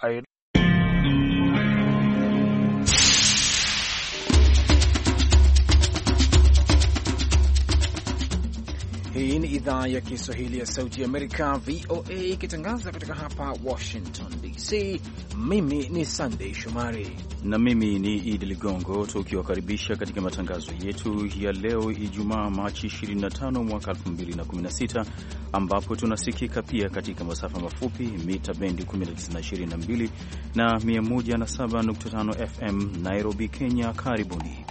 I Hii ni idhaa ya Kiswahili ya Sauti ya Amerika, VOA, ikitangaza kutoka hapa Washington DC. Mimi ni Sandei Shomari na mimi ni Idi Ligongo, tukiwakaribisha katika matangazo yetu ya leo Ijumaa, Machi 25 mwaka 2016, ambapo tunasikika pia katika masafa mafupi mita bendi 1922 na 107.5 FM Nairobi, Kenya. Karibuni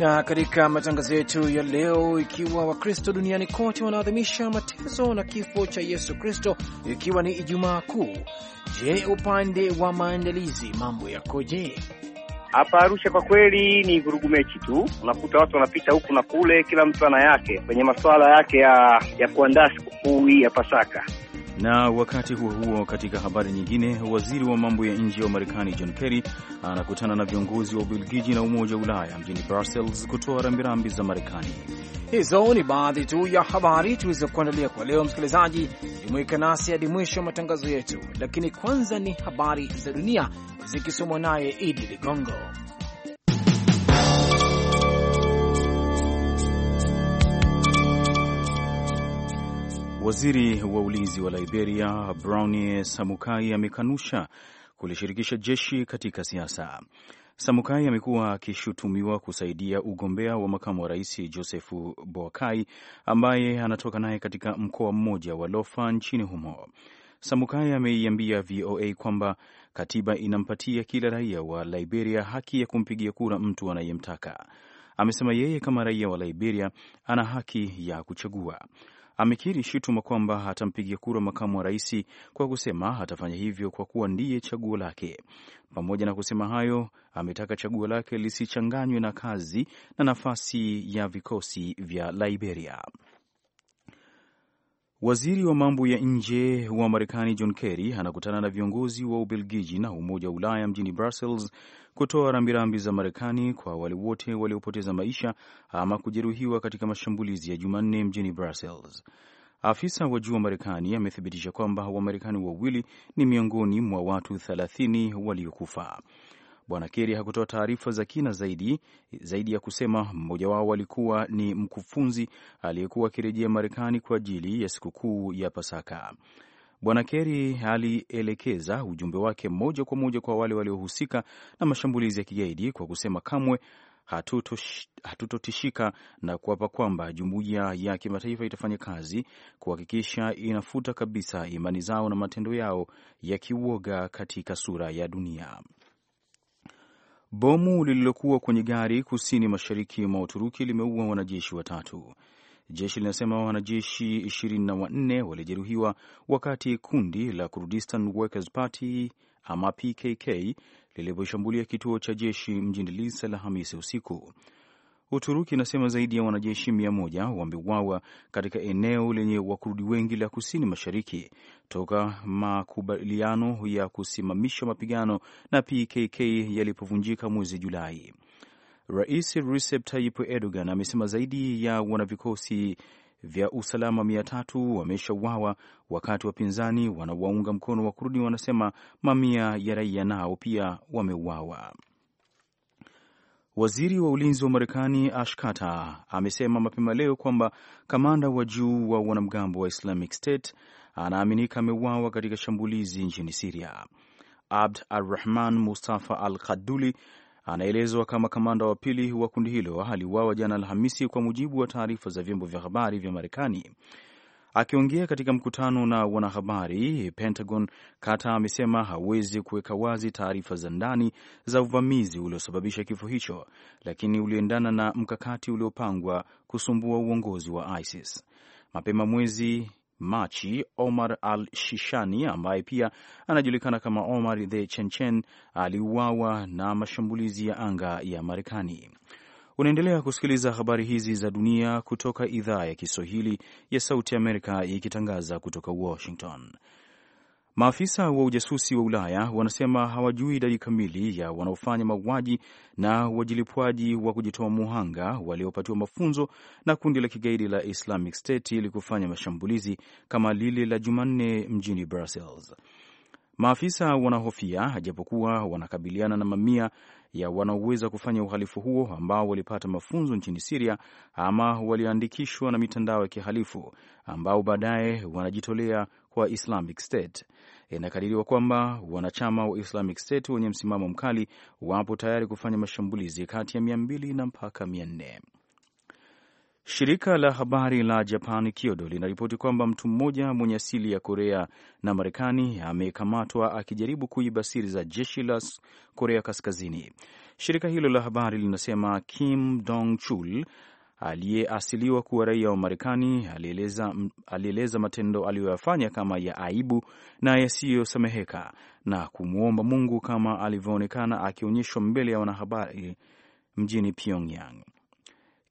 Na katika matangazo yetu ya leo, ikiwa Wakristo duniani kote wanaadhimisha mateso na kifo cha Yesu Kristo, ikiwa ni Ijumaa Kuu, je, upande wa maandalizi mambo yakoje? Hapa Arusha kwa kweli ni vurugu mechi tu, unakuta watu wanapita huku na kule, kila mtu ana yake kwenye masuala yake ya, ya kuandaa sikukuu ya Pasaka. Na wakati huo huo, katika habari nyingine, waziri wa mambo ya nje wa Marekani John Kerry anakutana na viongozi wa Ubelgiji na Umoja wa Ulaya mjini Brussels kutoa rambirambi za Marekani. Hizo ni baadhi tu ya habari tulizokuandalia kwa leo. Msikilizaji, jumuika nasi hadi mwisho wa matangazo yetu, lakini kwanza ni habari za dunia zikisomwa naye Idi Ligongo. Waziri wa ulinzi wa Liberia Brownie Samukai amekanusha kulishirikisha jeshi katika siasa. Samukai amekuwa akishutumiwa kusaidia ugombea wa makamu wa rais Josefu Boakai ambaye anatoka naye katika mkoa mmoja wa Lofa nchini humo. Samukai ameiambia VOA kwamba katiba inampatia kila raia wa Liberia haki ya kumpigia kura mtu anayemtaka. Amesema yeye kama raia wa Liberia ana haki ya kuchagua amekiri shutuma kwamba atampigia kura makamu wa rais kwa kusema atafanya hivyo kwa kuwa ndiye chaguo lake. Pamoja na kusema hayo, ametaka chaguo lake lisichanganywe na kazi na nafasi ya vikosi vya Liberia. Waziri wa mambo ya nje wa Marekani John Kerry anakutana na viongozi wa Ubelgiji na Umoja wa Ulaya mjini Brussels kutoa rambirambi za Marekani kwa wale wote waliopoteza maisha ama kujeruhiwa katika mashambulizi ya Jumanne mjini Brussels. Afisa wa juu wa Marekani amethibitisha kwamba Wamarekani wawili ni miongoni mwa watu 30 waliokufa. Bwana Kerry hakutoa taarifa za kina zaidi zaidi ya kusema mmoja wao alikuwa ni mkufunzi aliyekuwa akirejea Marekani kwa ajili ya sikukuu ya Pasaka. Bwana Kerry alielekeza ujumbe wake moja kwa moja kwa wale waliohusika na mashambulizi ya kigaidi kwa kusema kamwe hatutotishika hatuto na kuapa kwamba jumuiya ya kimataifa itafanya kazi kuhakikisha inafuta kabisa imani zao na matendo yao ya kiuoga katika sura ya dunia. Bomu lililokuwa kwenye gari kusini mashariki mwa Uturuki limeua wanajeshi watatu. Jeshi linasema wanajeshi 24 walijeruhiwa wakati kundi la Kurdistan Workers Party ama PKK liliposhambulia kituo cha jeshi mjini Lisa Alhamisi usiku. Uturuki inasema zaidi ya wanajeshi mia moja wameuawa katika eneo lenye wakurudi wengi la kusini mashariki toka makubaliano ya kusimamisha mapigano na PKK yalipovunjika mwezi Julai. Rais Recep Tayyip Erdogan amesema zaidi ya wanavikosi vya usalama mia tatu wameshauawa, wakati wapinzani wanawaunga mkono wa kurudi wanasema mamia ya raia nao pia wameuawa. Waziri wa ulinzi wa Marekani Ash Carter amesema mapema leo kwamba kamanda wa juu wa wanamgambo wa Islamic State anaaminika ameuawa katika shambulizi nchini Siria. Abd Arrahman Mustafa Al Kaduli anaelezwa kama kamanda wa pili wa kundi hilo aliuawa jana Alhamisi, kwa mujibu wa taarifa za vyombo vya habari vya Marekani. Akiongea katika mkutano na wanahabari Pentagon, Carter amesema hawezi kuweka wazi taarifa za ndani za uvamizi uliosababisha kifo hicho, lakini uliendana na mkakati uliopangwa kusumbua uongozi wa ISIS. Mapema mwezi Machi Omar al-Shishani ambaye pia anajulikana kama Omar the chenchen aliuawa na mashambulizi ya anga ya Marekani. Unaendelea kusikiliza habari hizi za dunia kutoka idhaa ya Kiswahili ya Sauti Amerika ikitangaza kutoka Washington. Maafisa wa ujasusi wa Ulaya wanasema hawajui idadi kamili ya wanaofanya mauaji na wajilipwaji wa kujitoa muhanga waliopatiwa mafunzo na kundi la kigaidi la Islamic State ili kufanya mashambulizi kama lile la Jumanne mjini Brussels. Maafisa wanahofia, japokuwa wanakabiliana na mamia ya wanaoweza kufanya uhalifu huo ambao walipata mafunzo nchini Siria ama walioandikishwa na mitandao ya kihalifu ambao baadaye wanajitolea kwa Islamic State. Eh, inakadiriwa kwamba wanachama wa Islamic State wenye msimamo mkali wapo tayari kufanya mashambulizi kati ya mia na mpaka mia nne. Shirika la habari la Japan Kyodo linaripoti kwamba mtu mmoja mwenye asili ya Korea na Marekani amekamatwa akijaribu kuiba siri za jeshi la Korea Kaskazini. Shirika hilo la habari linasema Kim Dong Chul aliyeasiliwa kuwa raia wa Marekani alieleza, alieleza matendo aliyoyafanya kama ya aibu na yasiyosameheka na kumwomba Mungu kama alivyoonekana akionyeshwa mbele ya wanahabari mjini Pyongyang.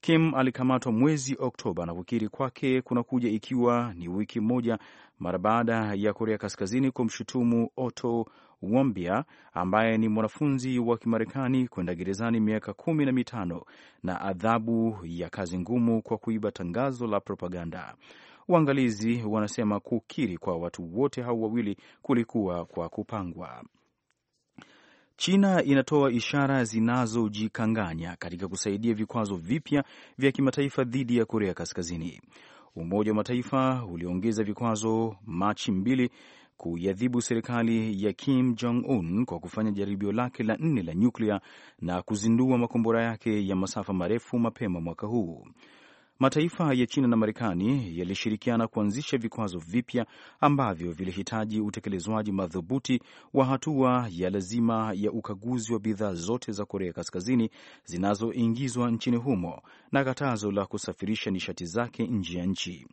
Kim alikamatwa mwezi Oktoba na kukiri kwake kunakuja ikiwa ni wiki moja mara baada ya Korea Kaskazini kumshutumu Otto Wambia ambaye ni mwanafunzi wa Kimarekani kwenda gerezani miaka kumi na mitano na adhabu ya kazi ngumu kwa kuiba tangazo la propaganda. Waangalizi wanasema kukiri kwa watu wote hao wawili kulikuwa kwa kupangwa. China inatoa ishara zinazojikanganya katika kusaidia vikwazo vipya vya kimataifa dhidi ya Korea Kaskazini. Umoja wa Mataifa uliongeza vikwazo Machi mbili kuiadhibu serikali ya Kim Jong Un kwa kufanya jaribio lake la nne la nyuklia na kuzindua makombora yake ya masafa marefu mapema mwaka huu. Mataifa ya China na Marekani yalishirikiana kuanzisha vikwazo vipya ambavyo vilihitaji utekelezwaji madhubuti wa hatua ya lazima ya ukaguzi wa bidhaa zote za Korea Kaskazini zinazoingizwa nchini humo na katazo la kusafirisha nishati zake nje ya nchi.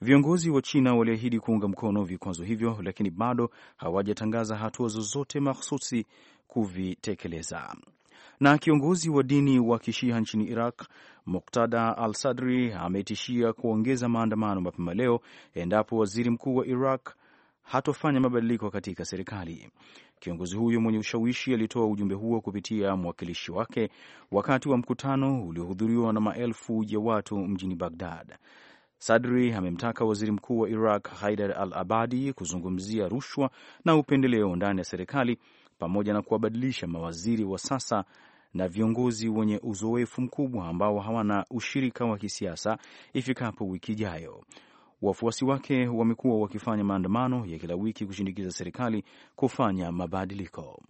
Viongozi wa China waliahidi kuunga mkono vikwazo hivyo, lakini bado hawajatangaza hatua zozote mahsusi kuvitekeleza. Na kiongozi wa dini wa kishia nchini Iraq muktada al Sadri ametishia kuongeza maandamano mapema leo endapo waziri mkuu wa Iraq hatofanya mabadiliko katika serikali. Kiongozi huyo mwenye ushawishi alitoa ujumbe huo kupitia mwakilishi wake wakati wa mkutano uliohudhuriwa na maelfu ya watu mjini Bagdad. Sadri amemtaka waziri mkuu wa Iraq Haidar al Abadi kuzungumzia rushwa na upendeleo ndani ya serikali pamoja na kuwabadilisha mawaziri wa sasa na viongozi wenye uzoefu mkubwa ambao hawana ushirika wa kisiasa ifikapo wiki ijayo. Wafuasi wake wamekuwa wakifanya maandamano ya kila wiki kushinikiza serikali kufanya mabadiliko.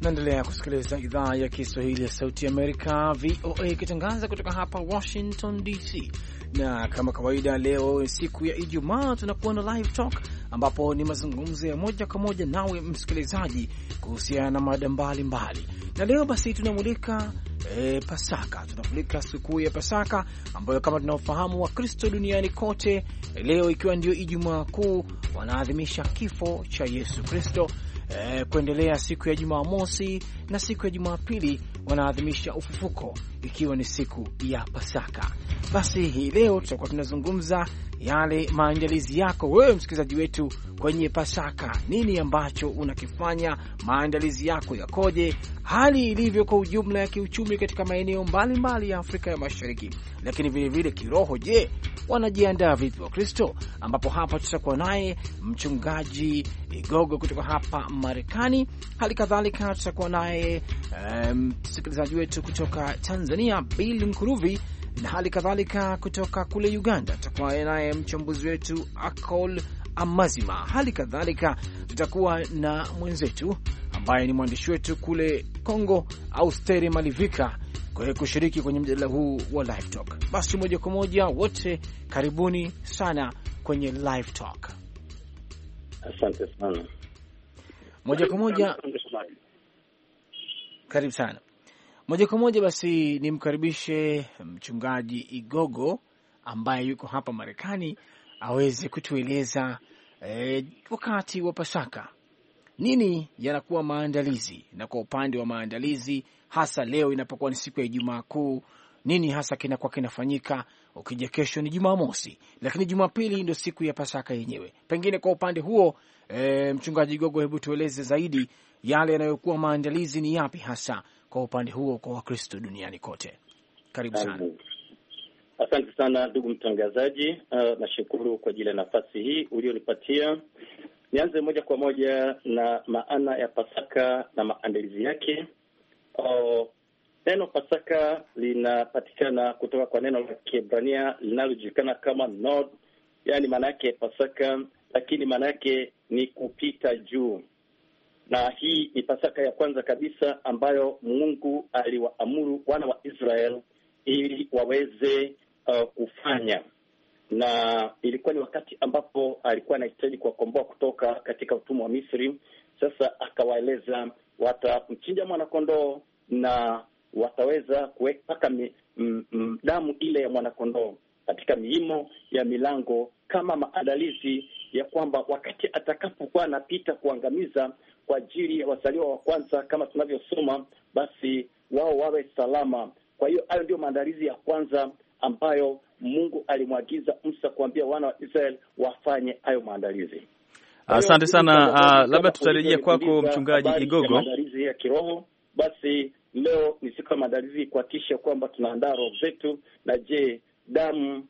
Naendelea kusikiliza idhaa ya Kiswahili ya Sauti Amerika, VOA, ikitangaza kutoka hapa Washington DC. Na kama kawaida, leo siku ya Ijumaa tunakuwa na live talk, ambapo ni mazungumzo ya moja kwa moja nawe msikilizaji kuhusiana na mada mbalimbali. Na leo basi tunamulika e, Pasaka, tunamulika sikukuu ya Pasaka ambayo kama tunaofahamu Wakristo duniani kote eh, leo, ikiwa ndio Ijumaa Kuu, wanaadhimisha kifo cha Yesu Kristo eh, kuendelea siku ya Jumamosi na siku ya Jumapili wanaadhimisha ufufuko ikiwa ni siku ya Pasaka. Basi hii leo tutakuwa tunazungumza yale maandalizi yako wewe msikilizaji wetu kwenye Pasaka. Nini ambacho unakifanya? Maandalizi yako yakoje? Hali ilivyo kwa ujumla ya kiuchumi katika maeneo mbalimbali ya Afrika ya Mashariki, lakini vilevile kiroho. Je, wanajiandaa vipi Wakristo? Ambapo hapa tutakuwa naye mchungaji Igogo kutoka hapa Marekani. Hali kadhalika tutakuwa naye eh, msikilizaji um, wetu kutoka Tanzania Tanzania Bill Nkuruvi, na hali kadhalika kutoka kule Uganda tutakuwa naye mchambuzi wetu Akol Amazima. Hali kadhalika tutakuwa na mwenzetu ambaye ni mwandishi wetu kule congo Austeri Malivika kushiriki kwenye mjadala huu wa Live Talk. Basi moja kwa moja, wote karibuni sana kwenye Live Talk. Asante sana. Moja kwa moja, karibu sana moja kwa moja. Basi nimkaribishe mchungaji Igogo ambaye yuko hapa Marekani aweze kutueleza e, wakati wa Pasaka nini yanakuwa maandalizi, na kwa upande wa maandalizi hasa leo inapokuwa ni siku ya Ijumaa Kuu, nini hasa kinakuwa kinafanyika? Ukija kesho ni Jumamosi, lakini Jumapili ndio siku ya Pasaka yenyewe. Pengine kwa upande huo e, mchungaji Gogo, hebu tueleze zaidi yale yanayokuwa maandalizi ni yapi hasa kwa upande huo kwa Wakristo duniani kote. Karibu sana. Asante sana ndugu mtangazaji. Uh, nashukuru kwa ajili ya nafasi hii ulionipatia. Nianze moja kwa moja na maana ya Pasaka na maandalizi yake. Uh, neno Pasaka linapatikana kutoka kwa neno la Kiebrania linalojulikana kama nod, yaani maana yake Pasaka, lakini maana yake ni kupita juu na hii ni Pasaka ya kwanza kabisa ambayo Mungu aliwaamuru wana wa Israel ili waweze uh, kufanya, na ilikuwa ni wakati ambapo alikuwa anahitaji kuwakomboa kutoka katika utumwa wa Misri. Sasa akawaeleza watamchinja mwanakondoo na wataweza kuweka damu ile ya mwanakondoo katika miimo ya milango kama maandalizi ya kwamba wakati atakapokuwa anapita kuangamiza kwa ajili ya wazaliwa wa kwanza kama tunavyosoma, basi wao wawe salama. Kwa hiyo hayo ndio maandalizi ya kwanza ambayo Mungu alimwagiza Musa kuambia wana wa Israel wafanye hayo maandalizi. Asante sana. Uh, labda tutarejea kwako mchungaji Igogo. Maandalizi ya kiroho basi, leo ni siku ya maandalizi kuhakikisha kwamba tunaandaa roho zetu, na je, damu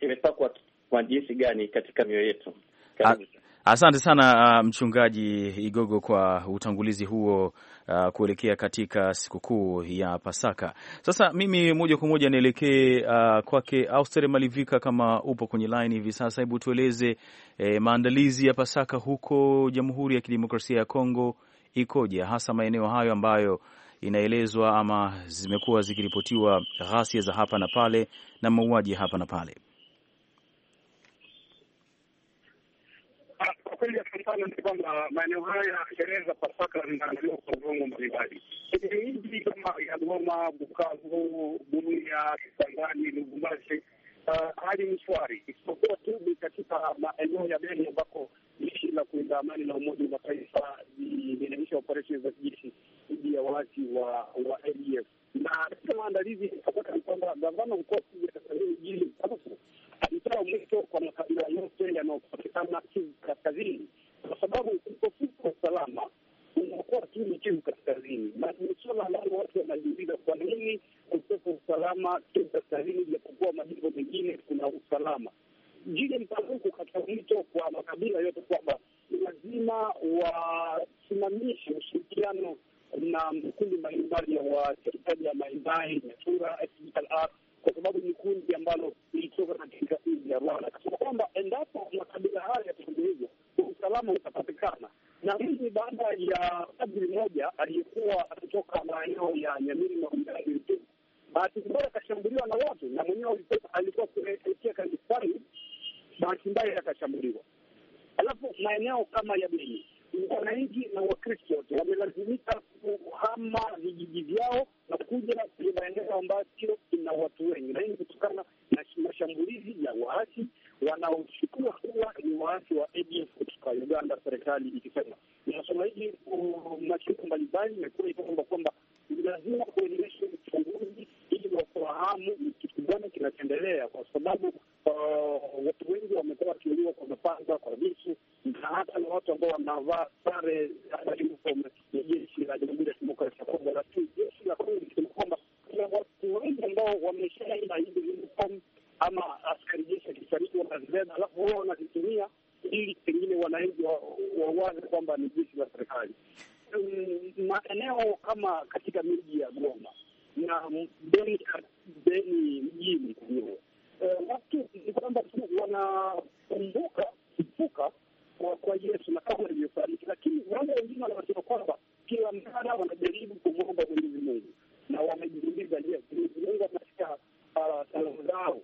imepakwa kwa jinsi gani katika mioyo yetu? Karibu. Ah, Asante sana uh, Mchungaji Igogo kwa utangulizi huo uh, kuelekea katika sikukuu ya Pasaka. Sasa mimi moja kwa moja nielekee uh, kwake Auster Malivika, kama upo kwenye laini hivi sasa, hebu tueleze eh, maandalizi ya Pasaka huko Jamhuri ya Kidemokrasia ya Kongo ikoje, hasa maeneo hayo ambayo inaelezwa ama zimekuwa zikiripotiwa ghasia za hapa na pale na mauaji hapa na pale. kweli ya mfano ni kwamba maeneo haya sherehe za Pasaka zinaandaliwa kwa viungo mbalimbali. Kwenye miji kama ya Goma, Bukavu, Bunia, Kisangani, Lubumbashi hali ni shwari, isipokuwa tu ni katika maeneo ya Beni ambako jeshi la kulinda amani la Umoja wa Mataifa linaendesha operesheni za kijeshi dhidi ya waasi wa ADF na katika maandalizi yakapata ni kwamba gavana mkuu wa kaskazini jili alitoa mwito kwa makabila yote yanayopatikana Kivu Kaskazini kwa sababu ukosefu wa usalama unakuwa tu ni Kivu Kaskazini, na ni suala ambalo watu wanajiuliza kwa nini ukosa usalama Kivu Kaskazini, japokuwa majimbo mengine kuna usalama. Jiji mpanuku katika mwito kwa makabila yote kwamba lazima wasimamishe ushirikiano na makundi mbalimbali ya wasikilizaji ya Maimbai, Nyatura, kwa sababu ni kundi ambalo ilitoka katika nchi ya Rwanda, kasema kwamba endapo makabila haya yatatekelezwa, usalama utapatikana na hizi baada ya padri mmoja aliyekuwa akitoka maeneo ya Nyamiri Maumbai, bahati mbaya akashambuliwa na watu, na mwenyewe alikuwa kuelekea kanisani, bahati mbaya akashambuliwa. Alafu maeneo kama ya Beni wananchi na Wakristo wote wamelazimika kuhama vijiji vyao na kuja kwenye maeneo ambayo ina watu wengi, na hii kutokana na mashambulizi ya waasi wanaoshukiwa kuwa ni waasi wa ADF kutoka Uganda, serikali ikisema inasema hivi. Um, mashirika mbalimbali imekuwa ikiomba kwamba lazima kuendeleshwe uchunguzi wa ni kitu gani kinachoendelea, kwa sababu uh, watu wengi wamekuwa wakiuliwa kwa mapanga, kwa visu na hata na watu ambao wanavaa sare ya jeshi la Jamhuri ya Kidemokrasia ya Kongo. Lakini jeshi la Kongo likisema kwamba kuna watu wengi ambao wameshaenda hivi ama askari jeshi akifariki wanazibeba, alafu wao wanazitumia ili pengine wananchi wawaze kwamba ni jeshi la serikali. Maeneo kama katika miji ya Goma na ya Beni mjini kwenyewe. E, watu ni kwamba wanakumbuka kufuka kwa Yesu na kama alivyofariki, lakini wale wengine wanasema kwamba kila mara wanajaribu kumwomba Mwenyezi Mungu na wanajiuliza, je, Mwenyezi Mungu anasikia ah, salamu zao?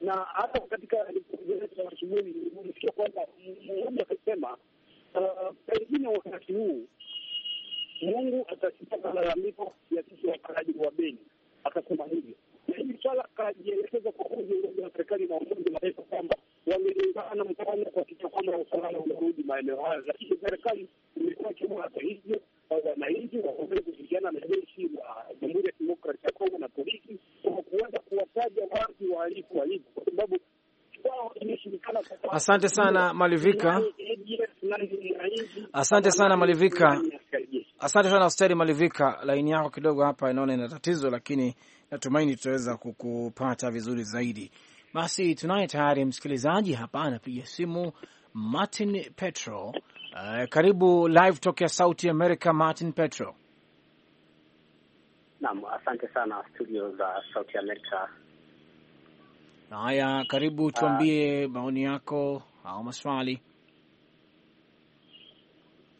Na hata katika asubuhi nilisikia kwamba mmoja akasema ah, pengine wakati huu Mungu atasikia malalamiko ya sisi wakaaji wa Beni, akasema hivyo. Na hili swala akajielekeza kwa viongozi wa serikali na Umoja Mataifa kwamba wamelingana mkono kuhakikisha kwamba usalama unarudi maeneo hayo, lakini serikali imekuwa ikimua. Hata hivyo, wananchi waweze kushirikiana na jeshi la Jamhuri ya Kidemokrasi ya Kongo na polisi kwa kuweza kuwataja wazi wahalifu walivyo, kwa sababu Asante sana Malivika, asante sana Malivika. Asante sana Steri Malivika, laini yako kidogo hapa inaona ina tatizo, lakini natumaini tutaweza kukupata vizuri zaidi. Basi tunaye tayari msikilizaji hapa anapiga simu, Martin Petro. Uh, karibu live talk ya Sauti America, Amerika, Martin Petro. Naam, asante sana studio za Sauti America. Haya, karibu tuambie, uh, maoni yako au maswali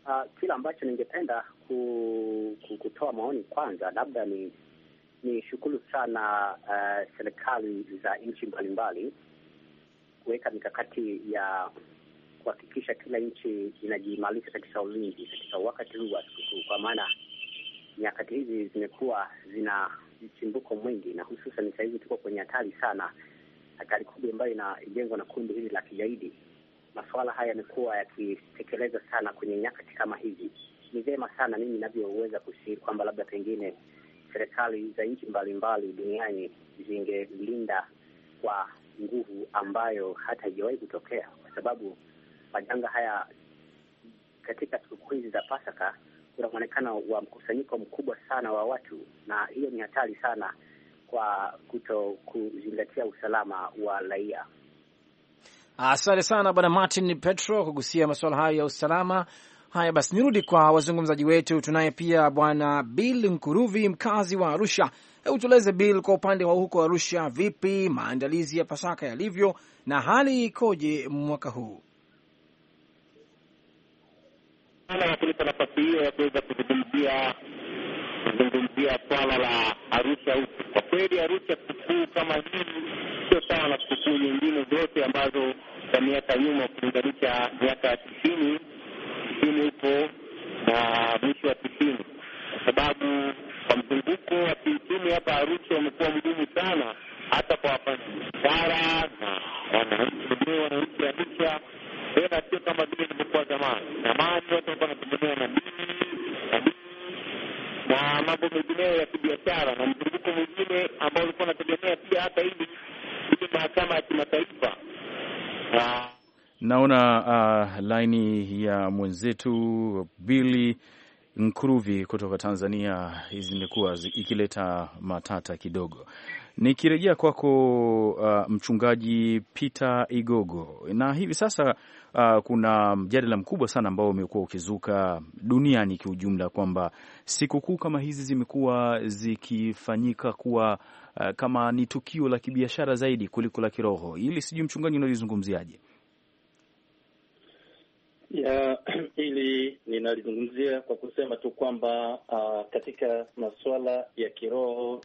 kila ah, kile ambacho ningependa ku, ku, kutoa maoni kwanza, labda ni ni shukuru sana uh, serikali za nchi mbalimbali kuweka mikakati ya kuhakikisha kila nchi inajiimarisha katika ulinzi katika wakati huu wa sikukuu, kwa maana nyakati hizi zimekuwa zina mchimbuko mwingi, na hususan sahizi tuko kwenye hatari sana, hatari kubwa ambayo inajengwa na kundi hili la kigaidi masuala haya yamekuwa yakitekeleza sana kwenye nyakati kama hizi. Ni vyema sana mimi inavyoweza kusihiri kwamba labda pengine serikali za nchi mbalimbali duniani zingelinda kwa nguvu ambayo hata haijawahi kutokea, kwa sababu majanga haya katika sikukuu hizi za Pasaka kuna mwonekano wa mkusanyiko mkubwa sana wa watu, na hiyo ni hatari sana kwa kuto kuzingatia usalama wa raia. Asante sana bwana Martin Petro kugusia masuala hayo ya usalama. Haya basi, nirudi kwa wazungumzaji wetu. Tunaye pia bwana Bill Nkuruvi, mkazi wa Arusha. Hebu tueleze Bill, kwa upande wa huko Arusha, vipi maandalizi ya Pasaka yalivyo na hali ikoje mwaka huu? nafasi hiyo ya kuweza kuzungumzia kuzungumzia swala la Arusha huku. Kwa kweli Arusha sikukuu kama hii sio sawa na sikukuu nyingine zote ambazo za miaka nyuma, ukilinganisha miaka ya tisini, tisini huko na mwisho wa tisini, kwa sababu kwa mzunguko wa kiuchumi hapa Arusha umekuwa mgumu sana, hata kwa wafanyabiashara na wananchi wananchi Arusha. tena sio kama vile ilivyokuwa zamani. Zamani watu walikuwa wanategemea madini na mambo mengineo ya kibiashara, na mzunguko mwingine ambao ulikuwa unategemea pia hata hivi ile mahakama ya kimataifa. Ah. Naona uh, laini ya mwenzetu Billy Nkuruvi kutoka Tanzania zimekuwa ikileta matata kidogo. Nikirejea kwako uh, mchungaji Peter Igogo, na hivi sasa uh, kuna mjadala mkubwa sana ambao umekuwa ukizuka duniani kiujumla kwamba sikukuu kama hizi zimekuwa zikifanyika kuwa Eh, kama ni tukio la kibiashara zaidi kuliko la kiroho. ili sijui mchungaji unalizungumziaje? ya hili ninalizungumzia kwa kusema tu kwamba uh, katika masuala ya kiroho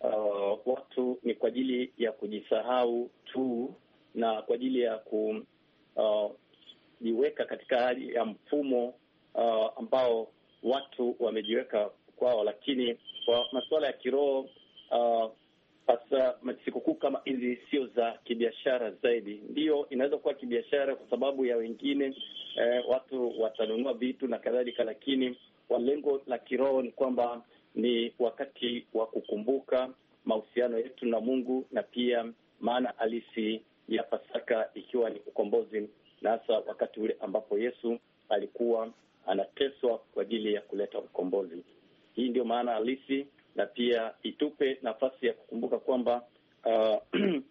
uh, watu ni kwa ajili ya kujisahau tu na kwa ajili ya kujiweka ah, uh, katika hali ya mfumo uh, ambao watu wamejiweka kwao, lakini kwa masuala ya kiroho uh, hasa sikukuu kama hizi sio za kibiashara zaidi. Ndiyo, inaweza kuwa kibiashara kwa sababu ya wengine eh, watu watanunua vitu na kadhalika, lakini kwa lengo la kiroho ni kwamba ni wakati wa kukumbuka mahusiano yetu na Mungu na pia maana halisi ya Pasaka ikiwa ni ukombozi, na hasa wakati ule ambapo Yesu alikuwa anateswa kwa ajili ya kuleta ukombozi. Hii ndio maana halisi na pia itupe nafasi ya kukumbuka kwamba uh,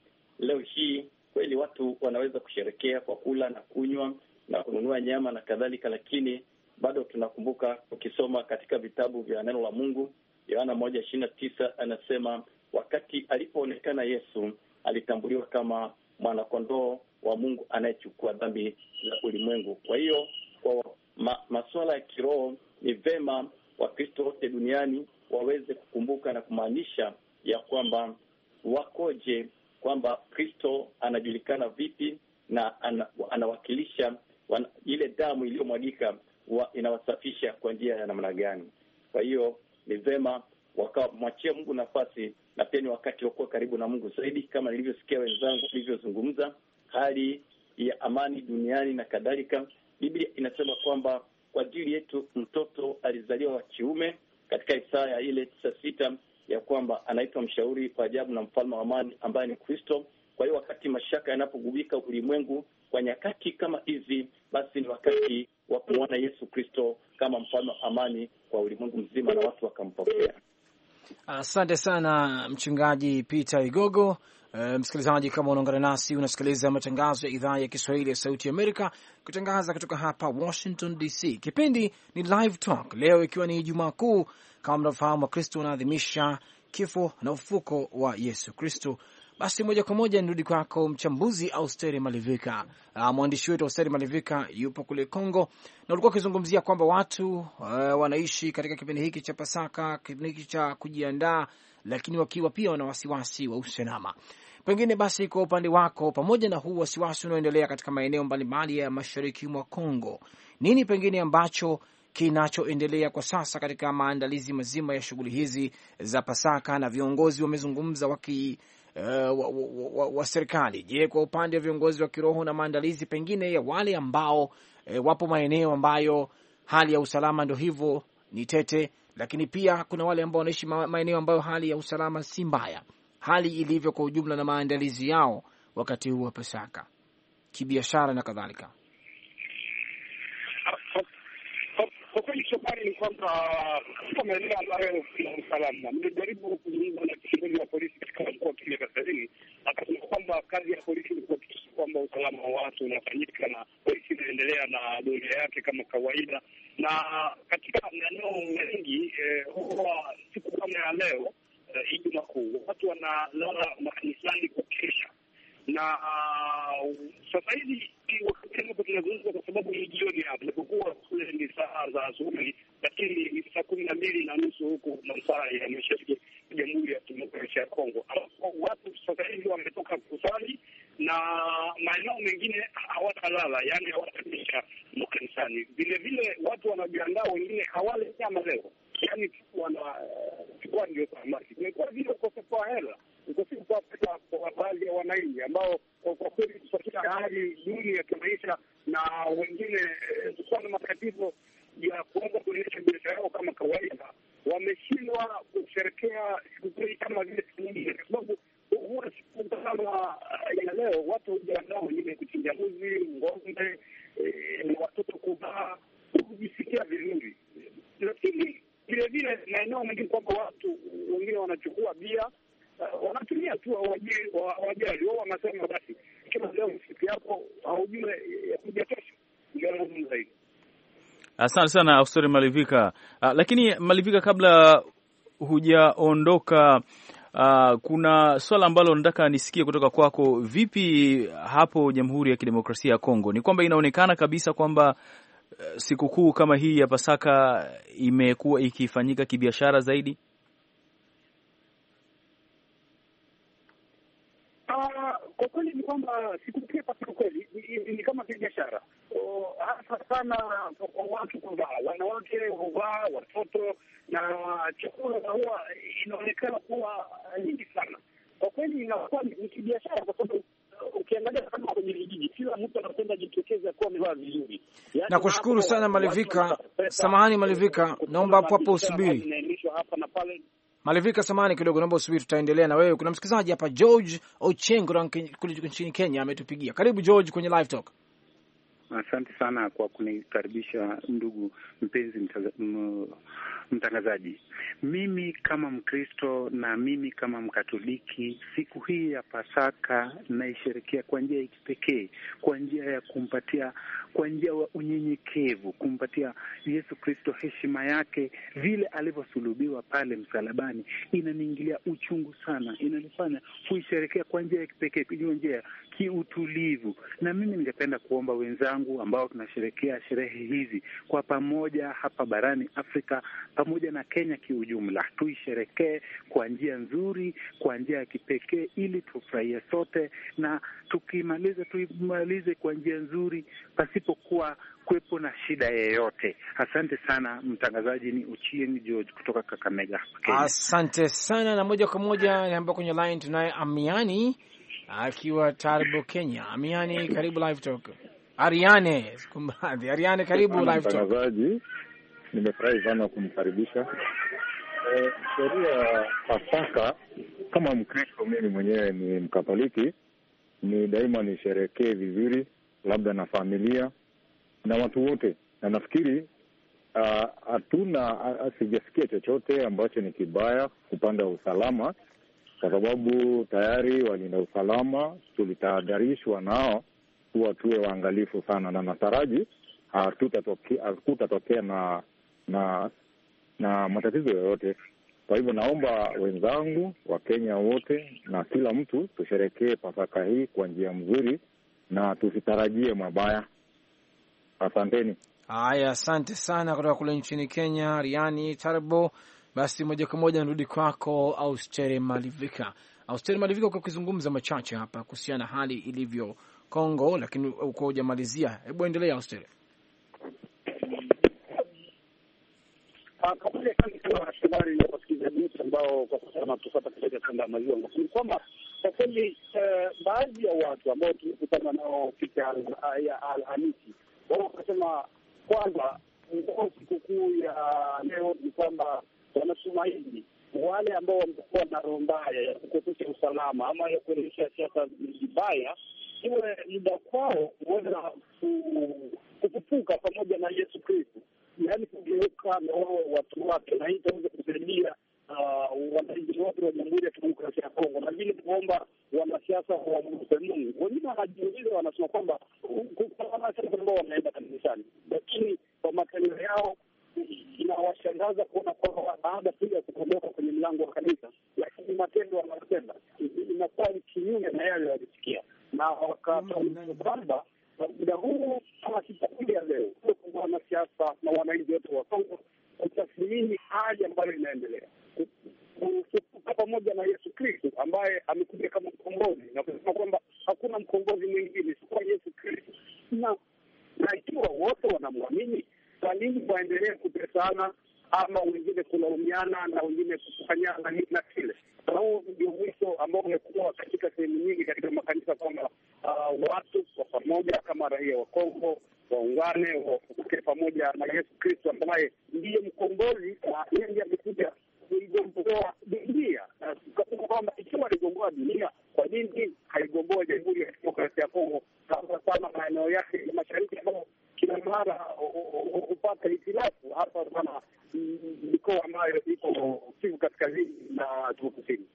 leo hii kweli watu wanaweza kusherekea kwa kula na kunywa na kununua nyama na kadhalika, lakini bado tunakumbuka, ukisoma katika vitabu vya neno la Mungu, Yohana moja ishirini na tisa anasema wakati alipoonekana Yesu alitambuliwa kama mwanakondoo wa Mungu anayechukua dhambi za ulimwengu. Kwa hiyo kwa ma, masuala ya kiroho ni vema Wakristo wote duniani waweze kukumbuka na kumaanisha ya kwamba wakoje, kwamba Kristo anajulikana vipi na anawakilisha wana, ile damu iliyomwagika inawasafisha kwa njia ya namna gani. Kwa hiyo ni vema wakamwachia Mungu nafasi, na pia ni wakati wa kuwa karibu na Mungu zaidi, kama nilivyosikia wenzangu walivyozungumza hali ya amani duniani na kadhalika. Biblia inasema kwamba kwa ajili yetu mtoto alizaliwa wa kiume, katika Isaya ile tisa sita ya kwamba anaitwa mshauri wa ajabu na mfalme wa amani ambaye ni Kristo. Kwa hiyo wakati mashaka yanapogubika ulimwengu kwa nyakati kama hizi, basi ni wakati wa kumwona Yesu Kristo kama mfalme wa amani kwa ulimwengu mzima, na watu wakampokea. Asante sana Mchungaji Peter Igogo. Eh, msikilizaji, kama unaungana nasi, unasikiliza matangazo ya idhaa ya Kiswahili ya Sauti ya Amerika kutangaza kutoka hapa Washington DC. Kipindi ni Live Talk, leo ikiwa ni Ijumaa Kuu. Kama mnavyofahamu, Wakristo wanaadhimisha kifo na ufufuko wa Yesu Kristo. Basi moja kwa moja nirudi kwako mchambuzi Austeri Malivika. Uh, mwandishi wetu Austeri Malivika yupo kule Congo na ulikuwa ukizungumzia kwamba watu uh, wanaishi katika kipindi hiki cha Pasaka, kipindi hiki cha kujiandaa lakini wakiwa pia wana wasiwasi wa usalama. Pengine basi, kwa upande wako, pamoja na huu wasiwasi unaoendelea katika maeneo mbalimbali ya mashariki mwa Kongo, nini pengine ambacho kinachoendelea kwa sasa katika maandalizi mazima ya shughuli hizi za Pasaka na viongozi wamezungumza waki uh, wa, wa, wa, wa serikali. Je, kwa upande wa viongozi wa kiroho na maandalizi pengine ya wale ambao eh, wapo maeneo ambayo hali ya usalama ndo hivyo ni tete, lakini pia kuna wale ambao wanaishi maeneo ambayo hali ya usalama si mbaya, hali ilivyo kwa ujumla na maandalizi yao wakati huu wa Pasaka kibiashara na kadhalika. kwamba katika maeneo ambayo kuna usalama, nimejaribu kuzungumza na kiongozi wa polisi katika mkoa wa Kivu Kaskazini, akasema kwamba kazi ya polisi ni kuhakikisha kwamba usalama wa watu unafanyika na polisi inaendelea na doria yake kama kawaida, na katika maeneo mengi eh, huwa siku kama ya leo eh, Ijumaa Kuu watu wanalala makanisani kukesha na uh, sasa hivi wakati ambapo tunazungumza, kwa sababu ni jioni hapa, napokuwa kule ni saa za asubuhi, lakini ni saa kumi na mbili na nusu huku masaa ya mashariki ya Jamhuri ya Kidemokrasia ya Kongo, ambapo watu sasa hivi wametoka kusali na maeneo mengine hawatalala, yaani hawatamisha makanisani. Vilevile watu wanajiandaa, wengine hawale nyama leo yani wanachukua ndio samaki. Imekuwa vile ukosefu wa hela, ukosefu wa pesa kwa baadhi ya wananchi ambao kwa kweli kufuatia hali duni ya kimaisha na wengine kukuwa eh, na matatizo ya kuweza kuendesha biashara yao kama kawaida, wameshindwa kusherekea sikukuu kama vile siku nyingine, kwa sababu huwa siku kama eh, ya leo watu hujiandaa wengine kuchinja mbuzi, ng'ombe na eh, watoto maeneo mengine kwamba watu wengine wanachukua bia uh, wanatumia tu, hawajali wao. Wanasema basi kama leo siku yako haujue yakuja kesho, ndio anazungumza hivi. Asante sana Austori Malivika. Uh, lakini Malivika, kabla hujaondoka Uh, kuna swala ambalo nataka nisikie kutoka kwako. Vipi hapo Jamhuri ya Kidemokrasia ya Kongo? Ni kwamba inaonekana kabisa kwamba Eh, sikukuu kama hii ya Pasaka imekuwa ikifanyika kibiashara zaidi? Ah, kwa kweli ni kwamba sikukuu ya Pasaka kweli ni kama kibiashara, hasa sana kwa watu kuvaa, wanawake huvaa, watoto na chakula huwa inaonekana kuwa nyingi sana. Kwa kweli inakuwa ni kibiashara kwa sababu ukiangalia kama kwenye vijiji, kila mtu anapenda jitokeza kuwa amevaa vizuri. Yaani Nakushukuru sana Malivika, samahani Malivika, naomba hapo hapo usubiri Malivika, samani kidogo, naomba usubiri, tutaendelea na wewe. Kuna msikilizaji hapa George Ochengo kutoka nchini Kenya ametupigia. Karibu George kwenye live talk. Asante sana kwa kunikaribisha ndugu mpenzi mtaza, m, mtangazaji, mimi kama Mkristo na mimi kama Mkatoliki, siku hii ya Pasaka naisherekea kwa njia ya kipekee, kwa njia ya kumpatia, kwa njia ya unyenyekevu, kumpatia Yesu Kristo heshima yake, vile alivyosulubiwa pale msalabani. Inaniingilia uchungu sana, inanifanya kuisherekea kwa njia ya kipekee, kwa njia ya kiutulivu. Na mimi ningependa kuomba wenzangu ambao tunasherekea sherehe hizi kwa pamoja hapa barani Afrika pamoja na Kenya kiujumla. Tuisherekee kwa njia nzuri, kwa njia ya kipekee, ili tufurahie sote, na tukimaliza, tuimalize kwa njia nzuri pasipokuwa kuwepo na shida yeyote. Asante sana mtangazaji, ni Uchieng George kutoka Kakamega, Kenya. Asante sana na moja kwa moja ambao kwenye line tunaye Amiani akiwa Tarbo, Kenya. Amiani, karibu live talk. Ariane, Ariane, karibu live talk nimefurahi sana kumkaribisha. E, sheria ya Pasaka kama Mkristo, mimi mwenyewe ni Mkatoliki, ni daima nisherekee vizuri, labda na familia na watu wote, na nafikiri hatuna sijasikia chochote ambacho ni kibaya upande wa usalama, kwa sababu tayari walinda usalama tulitahadharishwa nao kuwa tuwe waangalifu sana, na nataraji hakutatokea na na na matatizo yoyote. Kwa hivyo naomba wenzangu Wakenya wote na kila mtu tusherekee Pasaka hii kwa njia mzuri na tusitarajie mabaya. Asanteni. Haya, asante sana kutoka kule nchini Kenya, Riani Tarbo. Basi moja kwa moja nirudi kwako Austere Malivika. Austere Malivika, kwa ukizungumza machache hapa kuhusiana na hali ilivyo Kongo, lakini uko ujamalizia hebu endelea Austere. kabla kani kama wanahabari na wasikilizaji wetu ambao kwa sasa wanatufata katika kanda ya maziwa ni kwamba kwa kweli eh, baadhi ya watu ambao tumekutana nao siku ya Alhamisi wao wakasema kwamba o sikukuu ya leo ni kwamba wanatumaini wale ambao wamekuwa na roho mbaya ya kukosesha usalama ama ya kuendesha siasa vibaya, iwe muda kwao kuweza kufufuka pamoja na Yesu Kristo yaani kugeuka na wao watu wake, na hii itaweza kusaidia uh, wananchi wote wa Jamhuri ya Kidemokrasia ya Kongo. Na vile tunaomba wanasiasa wamguse Mungu. Wengine wanajiuliza, wanasema kwamba kuna wanasiasa ambao wameenda kanisani, lakini kwa matendo yao inawashangaza kuona kwamba baada tu ya kuondoka kwenye mlango wa kanisa, lakini matendo wanayotenda inakuwa ni kinyume na yale walisikia, na wakatambua kwamba muda huu kama wanasiasa na wananchi wote wa Kongo kutathmini hali ambayo inaendelea kufufuka pamoja na Yesu Kristu ambaye amekuja kama mkombozi na kusema kwamba hakuna mkombozi mwingine isipokuwa Yesu Kristu, na na ikiwa wote wanamwamini, kwa nini waendelee kutesana ama wengine kulaumiana na wengine kufanyana hii na kile? Na huu ndio mwisho ambao umekuwa katika sehemu nyingi katika makanisa kwamba uh, watu kwa pamoja kama raia wa Kongo waungane wakumbuke pamoja na Yesu Kristo ambaye ndiye mkombozi, na yeye amekuja kuigomboa dunia. Tukakumbuka kwamba ikiwa aligomboa dunia, kwa nini haigomboa Jamhuri ya Kidemokrasia ya Kongo, hasa sana maeneo yake ya mashariki ambao kila mara hupata hitilafu, hasa sana mm, mikoa ambayo iko Kivu kaskazini na Kivu kusini.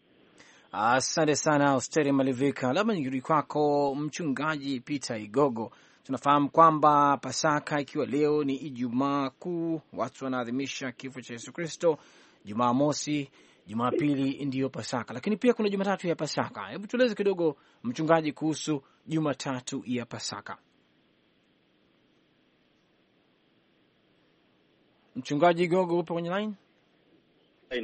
Asante sana Austeri Malivika. Labda nirudi kwako Mchungaji Peter Igogo. Tunafahamu kwamba Pasaka ikiwa leo ni Ijumaa Kuu, watu wanaadhimisha kifo cha Yesu Kristo. Jumaa mosi, jumaa pili ndiyo Pasaka, lakini pia kuna Jumatatu ya Pasaka. Hebu tueleze kidogo, mchungaji, kuhusu Jumatatu ya Pasaka. Mchungaji Gogo, upo kwenye line?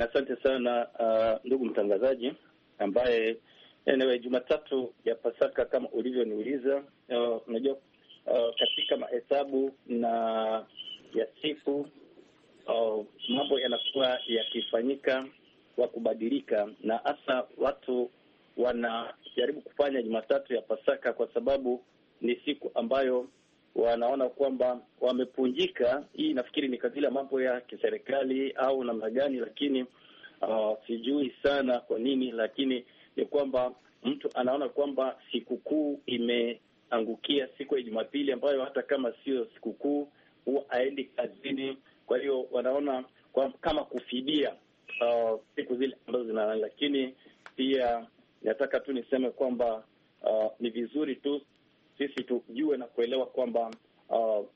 Asante sana uh, ndugu mtangazaji ambaye Anyway, Jumatatu ya Pasaka kama ulivyoniuliza, uh, unajua uh, Uh, katika mahesabu na ya siku uh, mambo yanakuwa yakifanyika wa kubadilika, na hasa watu wanajaribu kufanya Jumatatu ya Pasaka kwa sababu ni siku ambayo wanaona kwamba wamepunjika. Hii nafikiri ni kabila mambo ya kiserikali au namna gani, lakini uh, sijui sana kwa nini, lakini ni kwamba mtu anaona kwamba sikukuu ime angukia siku ya Jumapili ambayo hata kama sio sikukuu huwa aendi kazini. Kwa hiyo wanaona kwa, kama kufidia uh, siku zile ambazo zina, lakini pia nataka tu niseme kwamba uh, ni vizuri tu sisi tujue na kuelewa kwamba uh,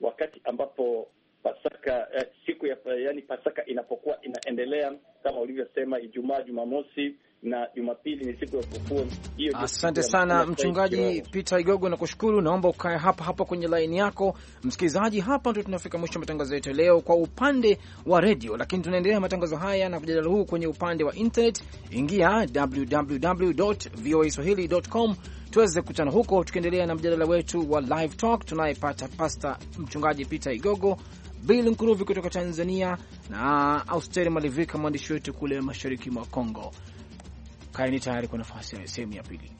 wakati ambapo Pasaka eh, siku ya, yani Pasaka inapokuwa inaendelea kama ulivyosema, Ijumaa, Jumamosi na Jumapili ni siku ya kufua. Hiyo asante sana mchungaji Peter Igogo, nakushukuru. Naomba ukae hapa hapa kwenye laini yako. Msikilizaji, hapa ndio tunafika mwisho wa matangazo yetu leo kwa upande wa redio, lakini tunaendelea matangazo haya na mjadala huu kwenye upande wa internet. Ingia www.voaswahili.com tuweze kukutana huko, tukiendelea na mjadala wetu wa live talk. Tunayepata pasta mchungaji Peter Igogo, Bill Nkuruvi kutoka Tanzania na Austeri Malivika, mwandishi wetu kule mashariki mwa Kongo. Kaeni tayari kwa nafasi ya sehemu ya pili.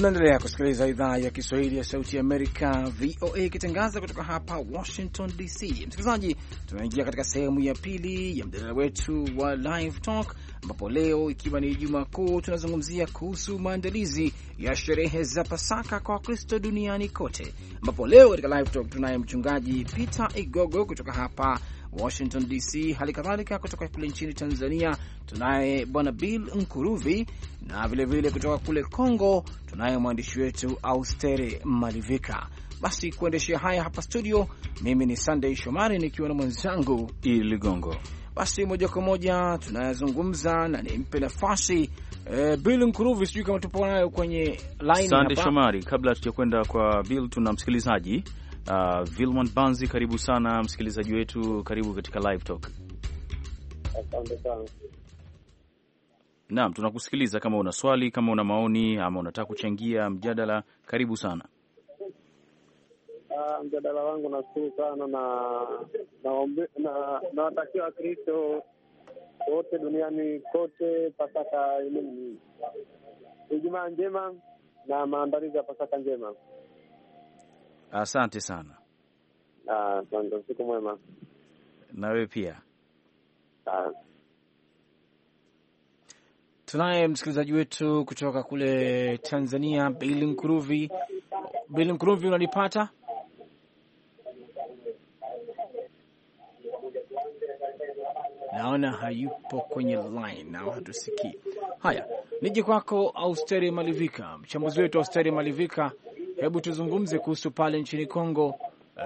Naendelea kusikiliza idhaa ya Kiswahili ya Sauti ya Amerika, VOA, ikitangaza kutoka hapa Washington DC. Msikilizaji, tunaingia katika sehemu ya pili ya mjadala wetu wa Live Talk, ambapo leo ikiwa ni Ijumaa Kuu, tunazungumzia kuhusu maandalizi ya sherehe za Pasaka kwa Wakristo duniani kote, ambapo leo katika Live Talk tunaye mchungaji Peter Igogo kutoka hapa Washington DC, hali kadhalika kutoka kule nchini Tanzania tunaye bwana Bill Nkuruvi, na vilevile vile kutoka kule Congo tunaye mwandishi wetu Austere Malivika. Basi kuendeshea haya hapa studio, mimi ni Sunday Shomari nikiwa na mwenzangu Ili Ligongo. Basi moja kwa moja tunayazungumza na nimpe nafasi e, Bill Nkuruvi, sijui kama tupo nayo kwenye line. Sunday Shomari, kabla tujakwenda kwa Bill, tuna msikilizaji Uh, Vilman Banzi, karibu sana msikilizaji wetu, karibu katika Live Talk. Asante sana. Naam, tunakusikiliza. Kama una swali, kama una maoni, ama unataka kuchangia mjadala, karibu sana. Uh, mjadala wangu nashukuru sana na nawatakia Wakristo wote duniani kote Pasaka, Ijumaa njema na maandalizi ya Pasaka njema. Asante sana. Asante, usiku mwema. Na wewe pia. Ah. Tunaye msikilizaji wetu kutoka kule Tanzania, Bili Mkuruvi. Bili unanipata? Naona hayupo kwenye line na hatusikii. Haya, nije kwako Austeri Malivika, mchambuzi wetu Austeri Malivika hebu tuzungumze kuhusu pale nchini Kongo.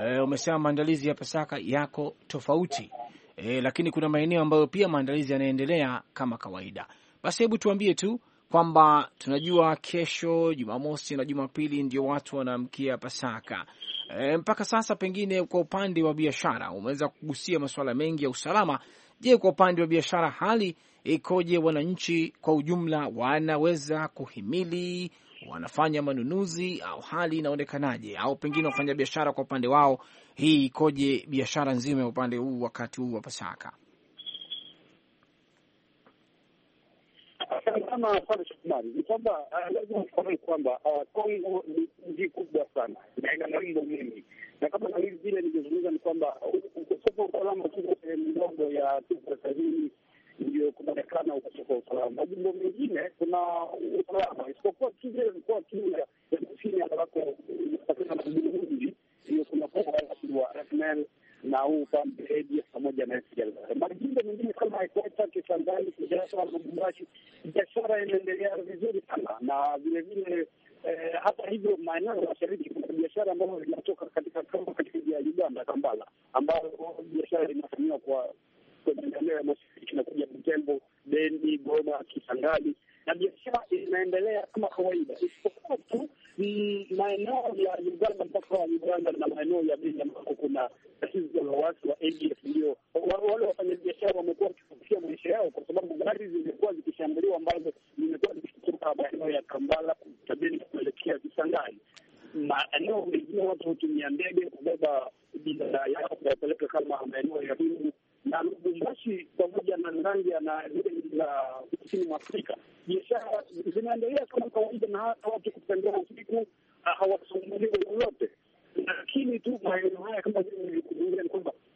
E, umesema maandalizi ya Pasaka yako tofauti e, lakini kuna maeneo ambayo pia maandalizi yanaendelea kama kawaida. Basi hebu tuambie tu kwamba tunajua kesho Jumamosi na Jumapili ndio watu wanaamkia Pasaka. E, mpaka sasa pengine kwa upande wa biashara umeweza kugusia masuala mengi ya usalama. Je, kwa upande wa biashara hali ikoje? Wananchi kwa ujumla wanaweza kuhimili wanafanya manunuzi au hali inaonekanaje, au pengine wafanya biashara kwa upande wao, hii ikoje biashara nzima ya upande huu wakati huu wa Pasaka? Kama pande Shomari ni kwamba ah, lazima ufahamu kwamba ah, Kongo ni nchi kubwa sana na ina maringo mengi, na kama nalii vile nilivyozungumza ni kwamba ukosefu wa usalama tuko sehemu ndogo ya Kivu Kaskazini ndio kunaonekana ukosefu wa usalama. Majimbo mengine kuna usalama, isipokuwa tu vile mkoa kiuya ya kusini ambako inapatikana majimbo Ubelgiji ndio kunakuwa waasi wa FNL na huu upande ADF pamoja na FDLR. Majimbo mengine kama Ikweta, Kisangani, Kinshasa, Lubumbashi, biashara inaendelea vizuri sana na vilevile Eh, hata hivyo maeneo ya mashariki kuna biashara ambazo zinatoka katika kama katika ya Uganda Kampala, ambayo biashara inafanyiwa kwa kwenye maeneo ya mashariki na kuja Butembo, Beni, Goma, Kisangani, na biashara inaendelea kama kawaida, isipokuwa tu maeneo ya Uganda mpaka wa Uganda na maeneo ya Beni ambako kuna tatizo la watu wa ADF, ndio wale wafanyabiashara wamekuwa wakifufia maisha yao, kwa sababu gari zimekuwa zikishambuliwa ambazo zimekuwa zikitoka maeneo ya Kambala kuelekea Kisangani. Maeneo mengine watu hutumia ndege